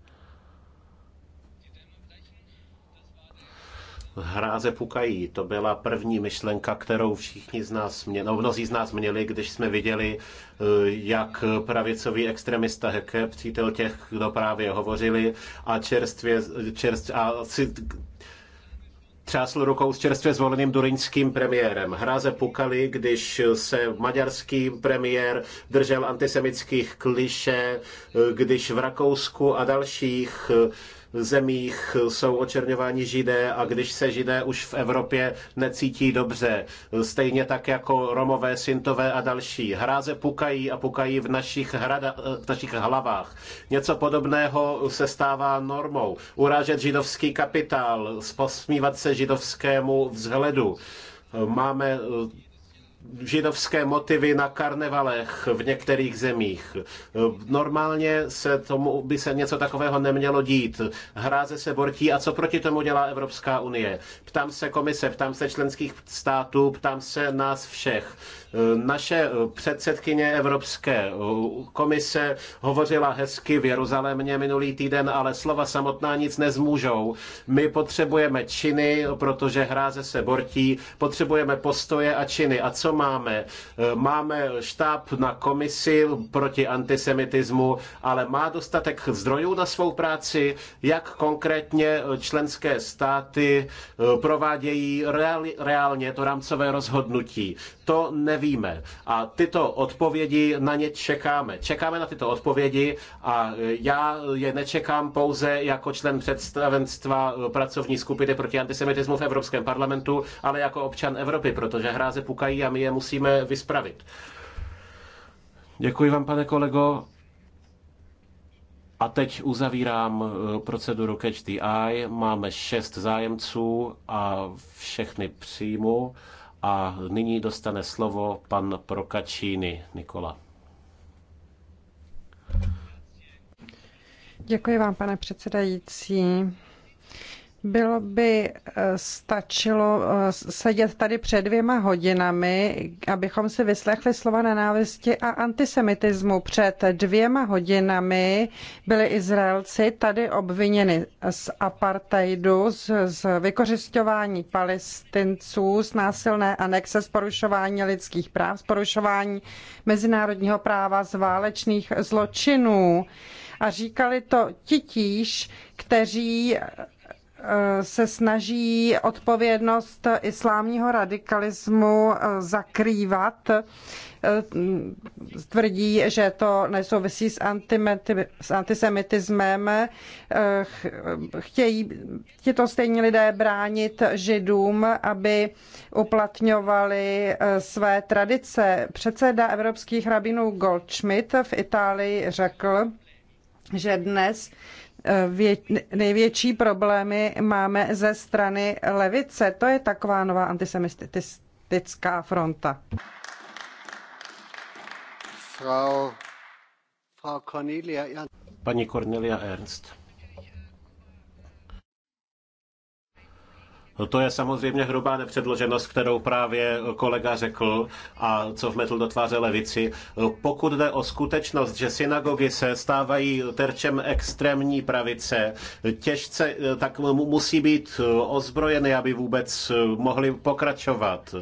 Hráze pukají, to byla první myšlenka, kterou všichni z nás měli, no mnozí z nás měli, když jsme viděli, eh, jak pravicový extremista Heke, přítel těch, kdo právě hovořili, a čerstvě, čerstvě a třásl rukou s čerstvě zvoleným durinským premiérem. Hráze pukali, když se maďarský premiér držel antisemických kliše, eh, když v Rakousku a dalších eh, zemích jsou očerňováni židé a když se židé už v Evropě necítí dobře, stejně tak jako romové, sintové a další. Hráze pukají a pukají v našich, hrada, v našich hlavách. Něco podobného se stává normou. Urážet židovský kapitál, posmívat se židovskému vzhledu. Máme židovské motivy na karnevalech v některých zemích. Normálně se tomu by se něco takového nemělo dít. Hráze se bortí a co proti tomu dělá Evropská unie? Ptám se komise, ptám se členských států, ptám se nás všech. Naše předsedkyně Evropské komise hovořila hezky v Jeruzalémě minulý týden, ale slova samotná nic nezmůžou. My potřebujeme činy, protože hráze se bortí, potřebujeme postoje a činy. A co máme? Eh, máme štáb na komisi proti antisemitismu, ale má dostatek zdrojů na svou práci? Jak konkrétně eh, členské státy eh, provádějí reálně to rámcové rozhodnutí? To nevíme. A tyto odpovědi na ně čekáme. Čekáme na tyto odpovědi a já je nečekám pouze jako člen představenstva pracovní skupiny proti antisemitismu v Evropském parlamentu, ale jako občan Evropy, protože hráze pukají a my je je musíme vyspravit. Děkuji vám, pane kolego. A teď uzavírám eh, proceduru Catch the Eye. Máme šest zájemců a všechny přijmu. A nyní dostane slovo pan Prokačíny Nikola. Děkuji vám, pane předsedající. Bylo by eh, stačilo eh, sedět tady před dvěma hodinami, abychom si vyslechli slova nenávisti a antisemitismu. Před dvěma hodinami byli Izraelci tady obviněni z apartheidu, z, z vykořišťování palestinců, z násilné anexe, z porušování lidských práv, z porušování mezinárodního práva, z válečných zločinů. A říkali to titíž, kteří Eh, se snaží odpovědnost islámního radikalismu eh, zakrývat. Eh, tvrdí, že to nesouvisí s, s antisemitismem. Chtějí tito stejní lidé bránit židům, aby uplatňovali své tradice. Předseda evropských rabinů Goldschmidt v Itálii řekl, že dnes největší problémy máme ze strany levice. To je taková nová antisemitická fronta. Frau, Frau Cornelia Paní Cornelia Ernst. No to je samozřejmě hrubá nepředloženost, kterou právě kolega řekl a co vmetl do tváře levici. Pokud jde o skutečnost, že synagogy se stávají terčem extrémní pravice, těžce, tak musí být ozbrojeny, aby vůbec mohli pokračovat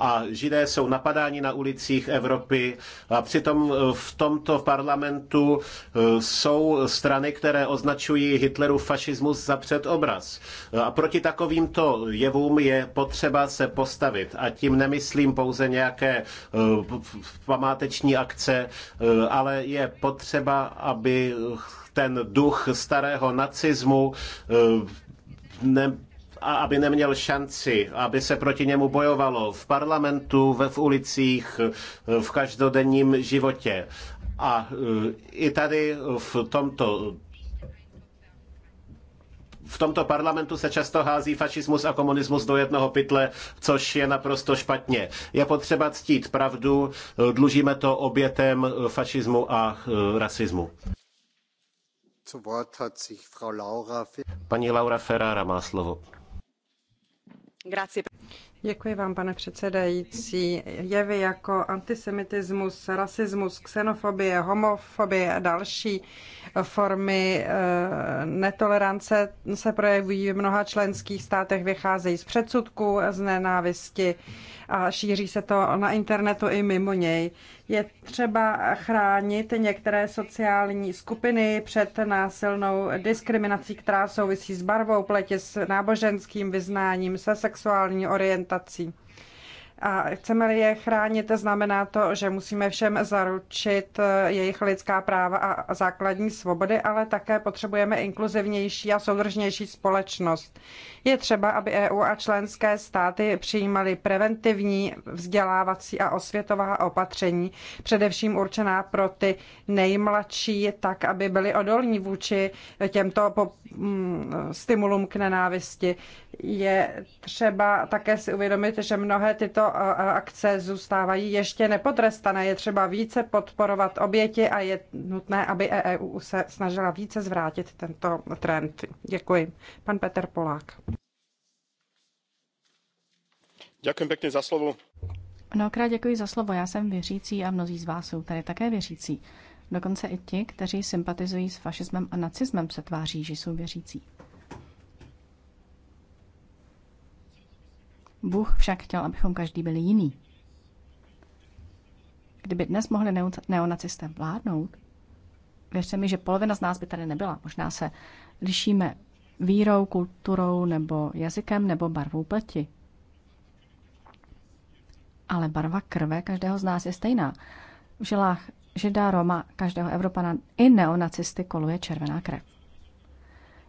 a židé jsou napadáni na ulicích Evropy a přitom e, v tomto parlamentu e, jsou strany, které označují Hitleru fašismus za předobraz. E, a proti takovýmto jevům je potřeba se postavit a tím nemyslím pouze nějaké památeční akce, ale je potřeba, aby ten duch starého nacismu ne, a aby neměl šanci, aby se proti němu bojovalo v parlamentu, ve v ulicích, v každodenním životě. A e, i tady v tomto v tomto parlamentu se často hází fašismus a komunismus do jednoho pytle, což je naprosto špatně. Je potřeba ctít pravdu, e, dlužíme to obětem e, fašismu a rasismu. Paní Laura Ferrara má slovo. Děkuji vám, pane předsedající. Jevy jako antisemitismus, rasismus, xenofobie, homofobie a další formy eh, netolerance se projevují v mnoha členských státech, vycházejí z předsudků, z nenávisti a šíří se to na internetu i mimo něj. Je třeba chránit některé sociální skupiny před násilnou diskriminací, která souvisí s barvou pleti, s náboženským vyznáním, se sexuální orientací. A chceme-li je chránit, znamená to, že musíme všem zaručit eh, jejich lidská práva a základní svobody, ale také potřebujeme inkluzivnější a soudržnější společnost. Je třeba, aby EU a členské státy přijímaly preventivní, vzdělávací a osvětová opatření, především určená pro ty nejmladší, tak, aby byly odolní vůči těmto mm, stimulům k nenávisti je třeba také si uvědomit, že mnohé tyto akce zůstávají ještě nepotrestané. Je třeba více podporovat oběti a je nutné, aby EU se snažila více zvrátit tento trend. Děkuji. Pan Petr Polák. Děkuji pěkně za slovo. Mnohokrát děkuji za slovo. Já jsem věřící a mnozí z vás jsou tady také věřící. Dokonce i ti, kteří sympatizují s fašismem a nacismem, se tváří, že jsou věřící. Bůh však chtěl, abychom každý byli jiný. Kdyby dnes mohli neonacisté vládnout, věřte mi, že polovina z nás by tady nebyla. Možná se lišíme vírou, kulturou nebo jazykem nebo barvou pleti. Ale barva krve každého z nás je stejná. V žilách žida, Roma, každého Evropana i neonacisty koluje červená krev.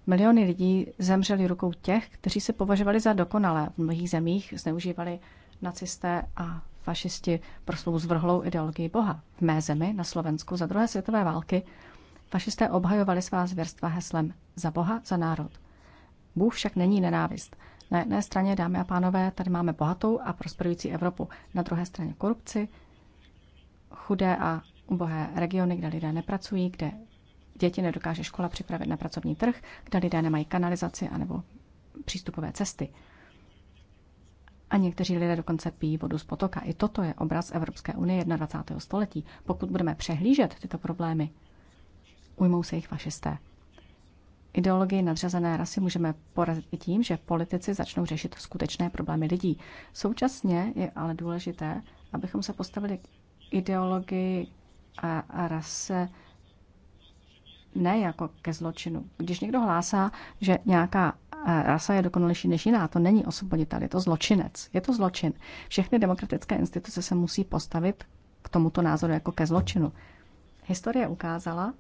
Miliony lidí zemřeli rukou těch, kteří se považovali za dokonalé. V mnohých zemích zneužívali nacisté a fašisti pro svou zvrhlou ideologii Boha. V mé zemi, na Slovensku, za druhé světové války fašisté obhajovali svá zvěrstva heslem za Boha, za národ. Bůh však není nenávist. Na jedné straně, dámy a pánové, tady máme bohatou a prosperující Evropu. Na druhé straně korupci, chudé a ubohé regiony, kde lidé nepracují, kde děti nedokáže škola připravit na pracovní trh, kde lidé nemají kanalizaci anebo přístupové cesty. A někteří lidé dokonce pijí vodu z potoka. I toto je obraz Evropské unie 21. století. Pokud budeme přehlížet tyto problémy, ujmou se jich fašisté. Ideologii nadřazené rasy můžeme porazit i tím, že politici začnou řešit skutečné problémy lidí. Současně je ale důležité, abychom se postavili k ideologii a, a rase ne jako ke zločinu. Když někdo hlásá, že nějaká eh, rasa je dokonalejší než jiná, to není osvoboditel, je to zločinec. Je to zločin. Všechny demokratické instituce se musí postavit k tomuto názoru jako ke zločinu. Historie ukázala,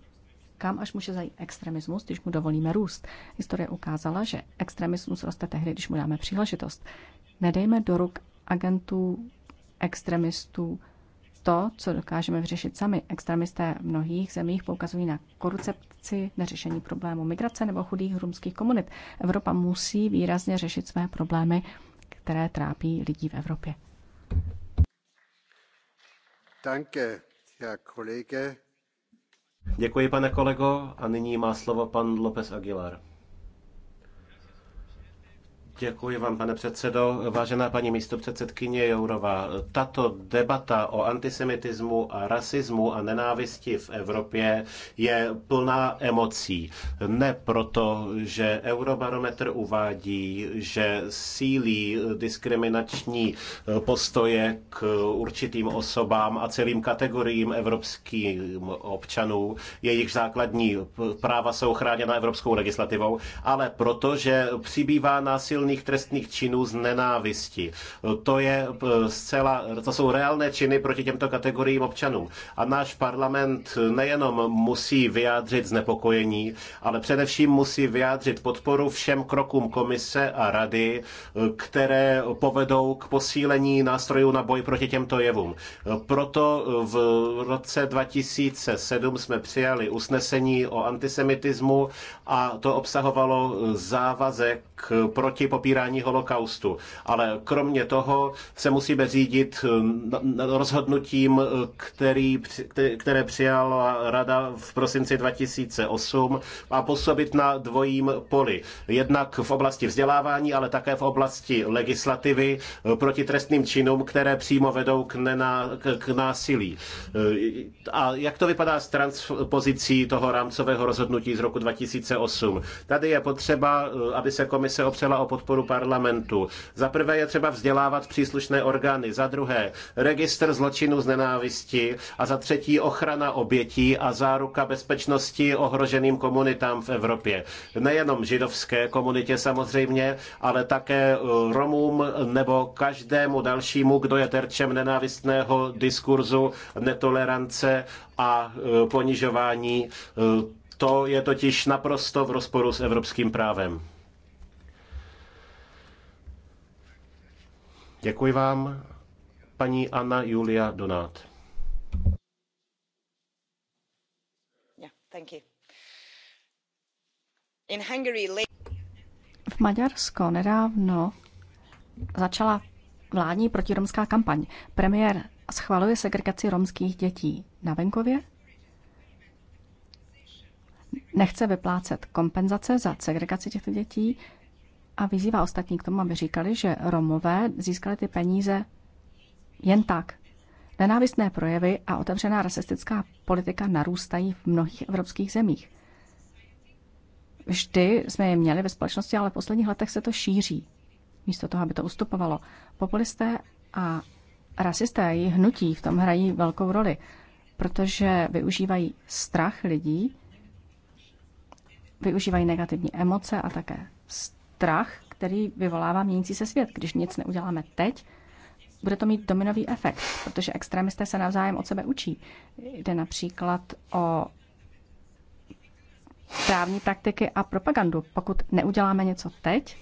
kam až může zajít extremismus, když mu dovolíme růst. Historie ukázala, že extremismus roste tehdy, když mu dáme příležitost. Nedejme do ruk agentů, extremistů, to, co dokážeme vyřešit sami. Extremisté v mnohých zemích poukazují na korupci, řešení problému migrace nebo chudých rumských komunit. Evropa musí výrazně řešit své problémy, které trápí lidí v Evropě. Danke, Herr Kollege. Děkuji, pane kolego. A nyní má slovo pan López Aguilar. Děkuji vám, pane předsedo. Vážená paní místopředsedkyně Jourová, tato debata o antisemitismu a rasismu a nenávisti v Evropě je plná emocí. Ne proto, že Eurobarometr uvádí, že sílí diskriminační postoje k určitým osobám a celým kategoriím evropským občanů. Jejich základní práva jsou chráněna evropskou legislativou, ale proto, že přibývá násilný reálných trestných činů z nenávisti. To, je eh, zcela, to jsou reálné činy proti těmto kategoriím občanů. A náš parlament nejenom musí vyjádřit znepokojení, ale především musí vyjádřit podporu všem krokům komise a rady, eh, které povedou k posílení nástrojů na boj proti těmto jevům. Proto v roce 2007 jsme přijali usnesení o antisemitismu a to obsahovalo závazek proti popírání holokaustu. Ale kromě toho se musíme řídit eh, rozhodnutím, eh, který, které přijala Rada v prosinci 2008 a působit na dvojím poli. Jednak v oblasti vzdělávání, ale také v oblasti legislativy eh, proti trestným činům, které přímo vedou k, nená, k násilí. A jak to vypadá s transpozicí toho rámcového rozhodnutí z roku 2008? Tady je potřeba, aby se komise opřela o podporu podporu parlamentu. Za prvé je třeba vzdělávat příslušné orgány, za druhé registr zločinů z nenávisti a za třetí ochrana obětí a záruka bezpečnosti ohroženým komunitám v Evropě. Nejenom židovské komunitě samozřejmě, ale také eh, Romům nebo každému dalšímu, kdo je terčem nenávistného diskurzu, netolerance a eh, ponižování. Eh, to je totiž naprosto v rozporu s evropským právem. Děkuji vám, paní Anna Julia Donát. v Maďarsko nedávno začala vládní protiromská kampaň. Premiér schvaluje segregaci romských dětí na venkově, nechce vyplácet kompenzace za segregaci těchto dětí, a vyzývá ostatní k tomu, aby říkali, že Romové získali ty peníze jen tak. Nenávistné projevy a otevřená rasistická politika narůstají v mnohých evropských zemích. Vždy jsme je měli ve společnosti, ale v posledních letech se to šíří. Místo toho, aby to ustupovalo. Populisté a rasisté, jejich hnutí v tom hrají velkou roli, protože využívají strach lidí, využívají negativní emoce a také strach, který vyvolává měnící se svět. Když nic neuděláme teď, bude to mít dominový efekt, protože extremisté se navzájem od sebe učí. Jde například o právní praktiky a propagandu. Pokud neuděláme něco teď,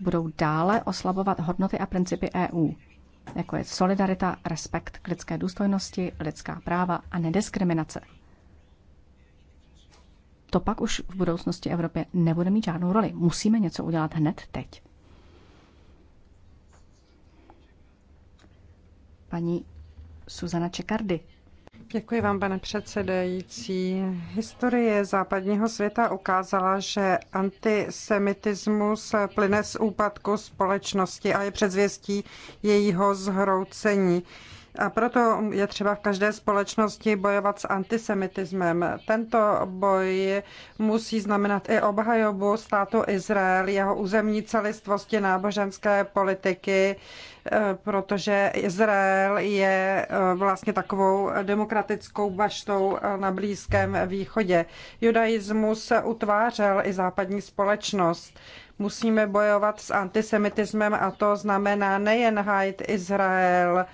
budou dále oslabovat hodnoty a principy EU, jako je solidarita, respekt k lidské důstojnosti, lidská práva a nediskriminace to pak už v budoucnosti Evropě nebude mít žádnou roli. Musíme něco udělat hned teď. Paní Suzana Čekardy. Děkuji vám, pane předsedající. Historie západního světa ukázala, že antisemitismus plyne z úpadku společnosti a je předzvěstí jejího zhroucení. A proto je třeba v každé společnosti bojovat s antisemitismem. Tento boj musí znamenat i obhajobu státu Izrael, jeho územní celistvosti náboženské politiky, eh, protože Izrael je eh, vlastně takovou demokratickou baštou eh, na Blízkém východě. Judaismus utvářel i západní společnost. Musíme bojovat s antisemitismem a to znamená nejen hájit Izrael, eh,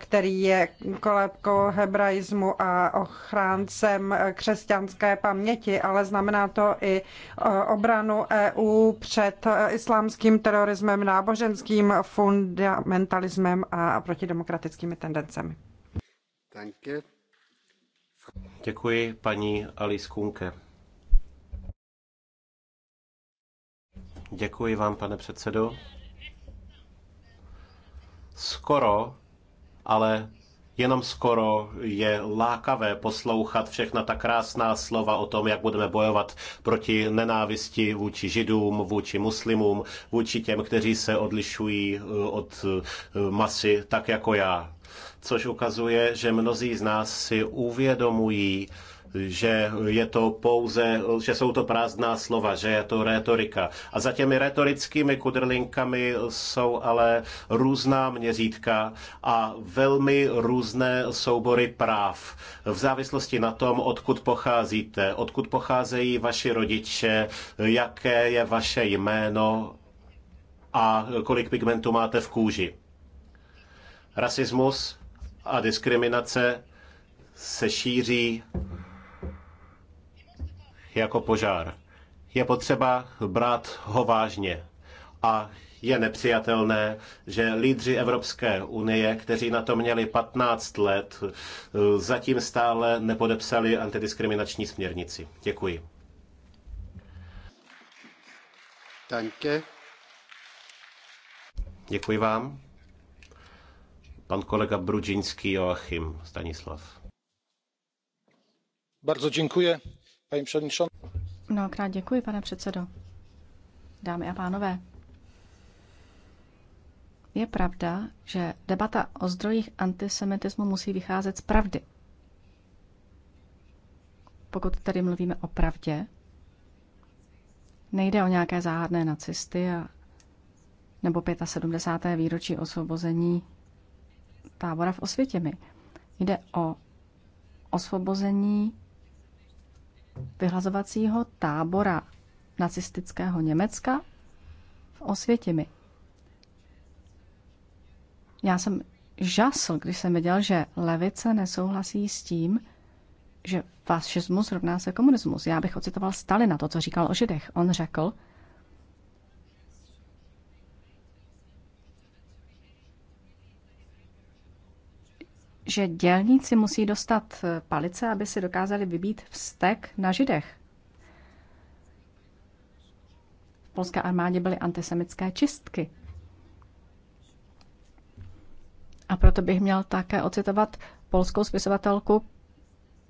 který je kolebkou hebraismu a ochráncem křesťanské paměti, ale znamená to i eh, obranu EU před eh, islámským terorismem, náboženským fundamentalismem a protidemokratickými tendencemi. Děkuji paní Alice Kunke. Děkuji vám, pane předsedo. Skoro, ale jenom skoro je lákavé poslouchat všechna ta krásná slova o tom, jak budeme bojovat proti nenávisti vůči židům, vůči muslimům, vůči těm, kteří se odlišují eh, od eh, masy tak jako já. Což ukazuje, že mnozí z nás si uvědomují, že je to pouze, že jsou to prázdná slova, že je to retorika. A za těmi retorickými kudrlinkami jsou ale různá měřítka a velmi různé soubory práv. V závislosti na tom, odkud pocházíte, odkud pocházejí vaši rodiče, jaké je vaše jméno a kolik pigmentu máte v kůži. Rasismus a diskriminace se šíří jako požár. Je potřeba brát ho vážně. A je nepřijatelné, že lídři Evropské unie, kteří na to měli 15 let, zatím stále nepodepsali antidiskriminační směrnici. Děkuji. Danke. Děkuji vám. Pan kolega Brudžinský Joachim Stanislav. Bardzo dziękuję paní předničan. Mnohokrát děkuji, pane předsedo. Dámy a pánové, je pravda, že debata o zdrojích antisemitismu musí vycházet z pravdy. Pokud tady mluvíme o pravdě, nejde o nějaké záhadné nacisty a, nebo 75. výročí osvobození tábora v Osvětěmi. Jde o osvobození vyhlazovacího tábora nacistického Německa v Osvětimi. Já jsem žasl, když jsem viděl, že levice nesouhlasí s tím, že fašismus rovná se komunismus. Já bych ocitoval Stalina, to, co říkal o Židech. On řekl, že dělníci musí dostat eh, palice, aby si dokázali vybít vztek na židech. V polské armádě byly antisemické čistky. A proto bych měl také ocitovat polskou spisovatelku,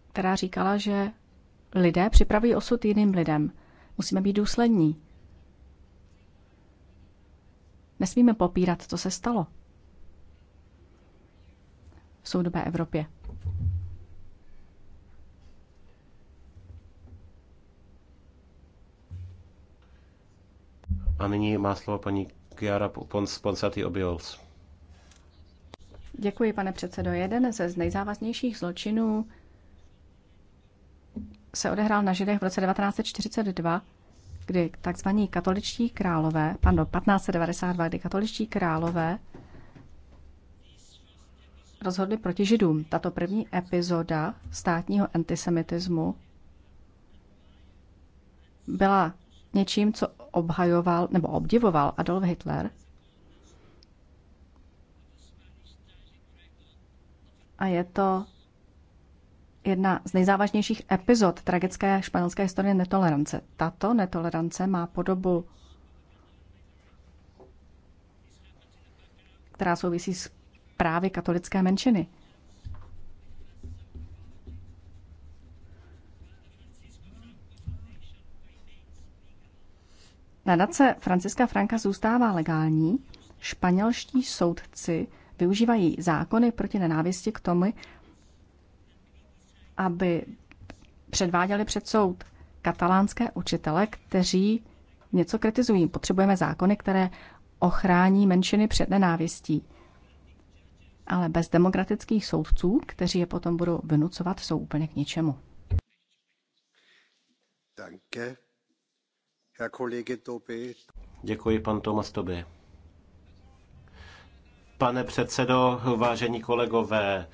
která říkala, že lidé připravují osud jiným lidem. Musíme být důslední. Nesmíme popírat, co se stalo soudobé Evropě. A nyní má slovo paní Kiara Ponsati Obiols. Děkuji, pane předsedo. Jeden ze z nejzávaznějších zločinů se odehrál na Židech v roce 1942, kdy takzvaní katoličtí králové, pardon, 1592, kdy katoličtí králové rozhodli proti židům. Tato první epizoda státního antisemitismu byla něčím, co obhajoval nebo obdivoval Adolf Hitler. A je to jedna z nejzávažnějších epizod tragické španělské historie netolerance. Tato netolerance má podobu, která souvisí s právě katolické menšiny. Nadace Franciska Franka zůstává legální. Španělští soudci využívají zákony proti nenávisti k tomu, aby předváděli před soud katalánské učitele, kteří něco kritizují. Potřebujeme zákony, které ochrání menšiny před nenávistí ale bez demokratických soudců, kteří je potom budou vynucovat, jsou úplně k ničemu. Danke. Herr Kollege Děkuji, pan Tomas Tobě. Pane předsedo, vážení kolegové,